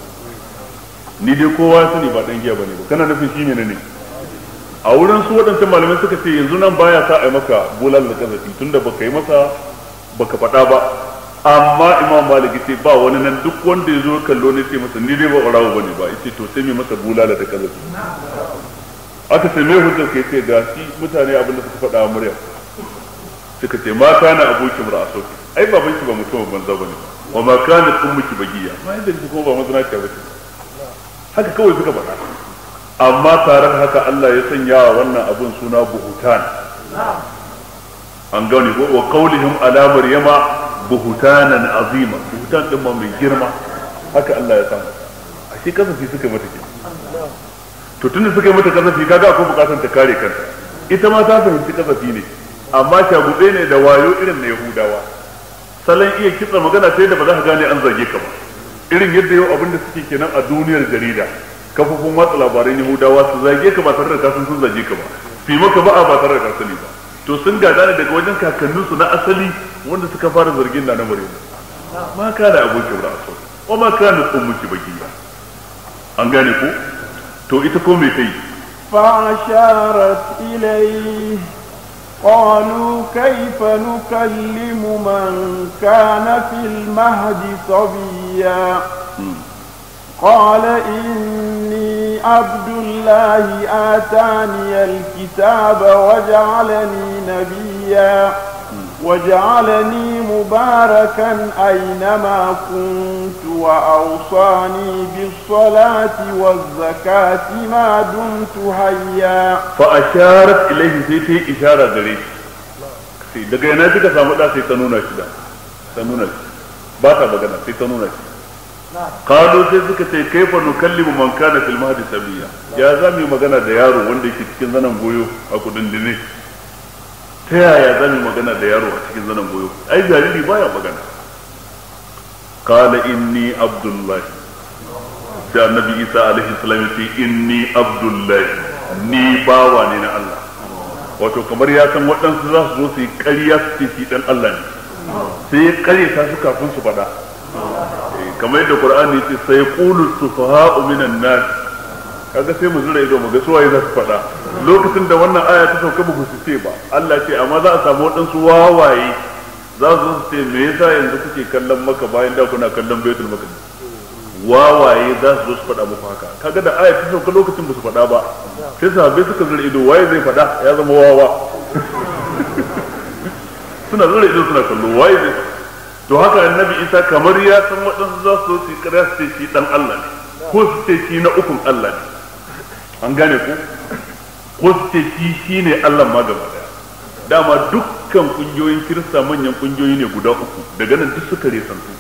Speaker 1: ni dai kowa ya sani ba dangiya giya ba ne ba kana nufin shi ne ne a wurin su waɗancan malamai suka ce yanzu nan baya sa a yi maka bulal da kazafi da baka yi masa baka faɗa ba amma imam malik ce ba wani nan duk wanda ya zo kallo ne ce masa ni dai ba ƙwarawo ba ne ba ce to sai mai masa bulala da kazafi aka sai mai hujjar kai ce ga shi mutane abin da suka faɗa a murya suka ce ma kana abokin ra'asoki ai baban ki ba mutum banza bane wa ma kana ummuki bagiya ma yadda ki ko ba mazana ta bace haka kawai suka faɗa amma tare da haka Allah ya sanya wa wannan abun suna buhutan an gane ko wa qaulihim ala maryama buhutanan azima buhutan din ma mai girma haka Allah ya samu a shi kasafi suka mata ke to tunda suka mata kasafi kaga akwai bukatar ta kare kanta ita ma ta fahimci kasafi ne amma shagube ne da wayo irin na yahudawa salon iya kitsa magana sai da ba za ka gane an zage ka ba irin yadda yau abinda suke kenan a duniyar jarida kafofin watsa labaran yahudawa su zage ka ba tare da kasan sun zage ka ba fi maka a ba tare da kasani ba to sun gada ne daga wajen kakanninsu na asali wanda suka fara zargin na na ma ke abokin ra'asu wa ma ki baki ba, an gane ko to ita ko me kai.
Speaker 2: fa asharat ilayhi قالوا كيف نكلم من كان في المهد صبيا قال إني عبد الله آتاني الكتاب وجعلني نبيا وجعلني مباركا أينما كنت وأوصاني بالصلاة والزكاة ما دمت حيا
Speaker 1: فأشارت إليه سيتي إشارة دريش سي دقيناتي كسامتا سي تنونا شدا تنونا باتا بغنا سي تنونا قالوا سي كيف نكلم من كان في المهد سبيا يا زامي مغنا ديارو وندي كتكين زنان بويو أكو دندنيش ta yaya za magana da yaro a cikin zanen goyo ai jariri baya magana kala inni abdullahi sai annabi isa alaihi salam yace inni abdullahi ni bawa ne na Allah wato kamar ya san waɗansu za su zo su yi ƙarya su ce shi dan Allah ne sai ya ta su kafin su faɗa eh, kamar yadda qur'ani ce sai qulu sufaha'u minan nas kaga sai mu zura ido mu ga suwaye za su faɗa lokacin da wannan aya ta sauka ba su ce ba Allah ce amma za a samu waɗansu wawaye za su su ce me yasa yanzu kuke kallon maka bayan da kuna kallon baitul maqdis wawaye za su zo su faɗa muku haka kaga da aya ta sauka lokacin ba su faɗa ba sai sahabbai suka zura ido waye zai faɗa ya zama wawa suna zura ido suna kallo waye zai to haka annabi isa kamar ya san waɗansu za su zo su yi ƙarya su ce shi ɗan Allah ne ko su ce shi na ukun Allah ne an gane ku kwastaci shi ne Allah ma gaba daya dama dukkan kungiyoyin kirista manyan kungiyoyi ne guda uku daga nan duk suka resantu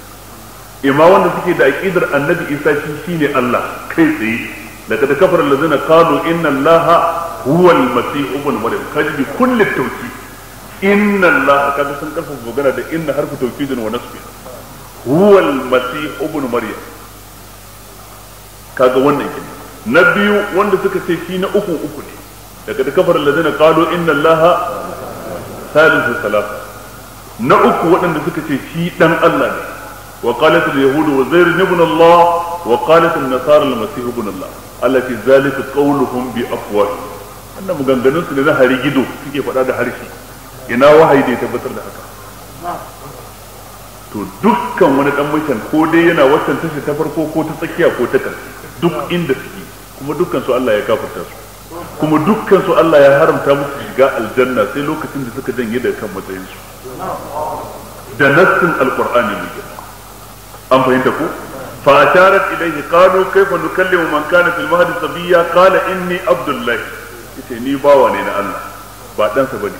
Speaker 1: imma wanda suke da aqidar annabi isa shi shine Allah kai tsaye laqad kafar allazina qalu inna allaha huwa almasih ibn maryam kaji bi kulli tawkid inna allaha kaga sun karfafa magana da inna harfu tawkidin wa nasbi huwa almasih ibn maryam kaga wannan kenan na biyu wanda suka ce shi na uku uku ne daga da kafar na qalu inna allaha salisu salam na uku waɗanda suka ce shi dan Allah ne wa qalat al yahud wa zair ibn Allah wa qalat an nasara al masih ibn Allah allati zalika qawluhum bi afwah annan maganganun su ne na hari gido suke faɗa da harshe ina wahayi da ya tabbatar da haka to dukkan wani dan mutan ko dai yana watan tashi ta farko ko ta tsakiya ko ta karshe duk inda suke kuma dukkan su Allah ya kafirta su kuma dukkan su Allah ya haramta musu shiga aljanna sai lokacin da suka janye daga kan matsayin su da nassin alqur'ani ne an fahimta ko fa asharat ilayhi qalu kayfa nukallimu man kana fil mahdi sabiya qala inni abdullah yace ni bawa ne na Allah ba dan sa bane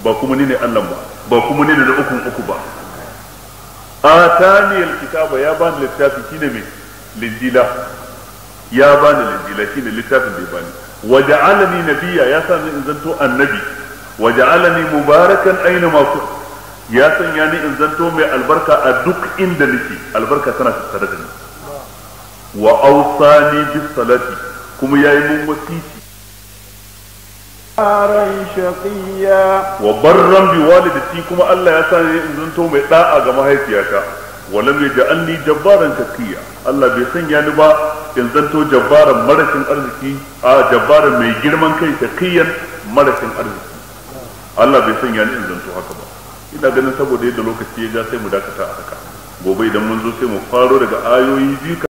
Speaker 1: ba kuma ni ne Allah ba ba kuma ni ne na ukun uku ba atani alkitaba ya bani littafi shine me linjila ya bani linjila ne littafin da ya bani wa ja'alani nabiyya ya sa ni in zanto annabi wa ja'alani mubarakan aina ma ya sanya ni in zanto mai albarka a duk inda nake albarka tana tattare da ni wa awsani bis salati kuma yayi mun wasiti wa barran bi walidati kuma Allah ya ni in zanto mai da'a ga mahaifiyata walam yaj'alni jabbaran taqiya Allah bai sanya ni ba in zanto jabbaran marashin arziki a jabbaran mai girman kai taqiyan marashin arziki Allah bai sanya ni in zanto haka ba ina ganin saboda yadda lokaci ya ja sai mu dakata a haka gobe idan mun zo sai mu faro daga ayoyi biyu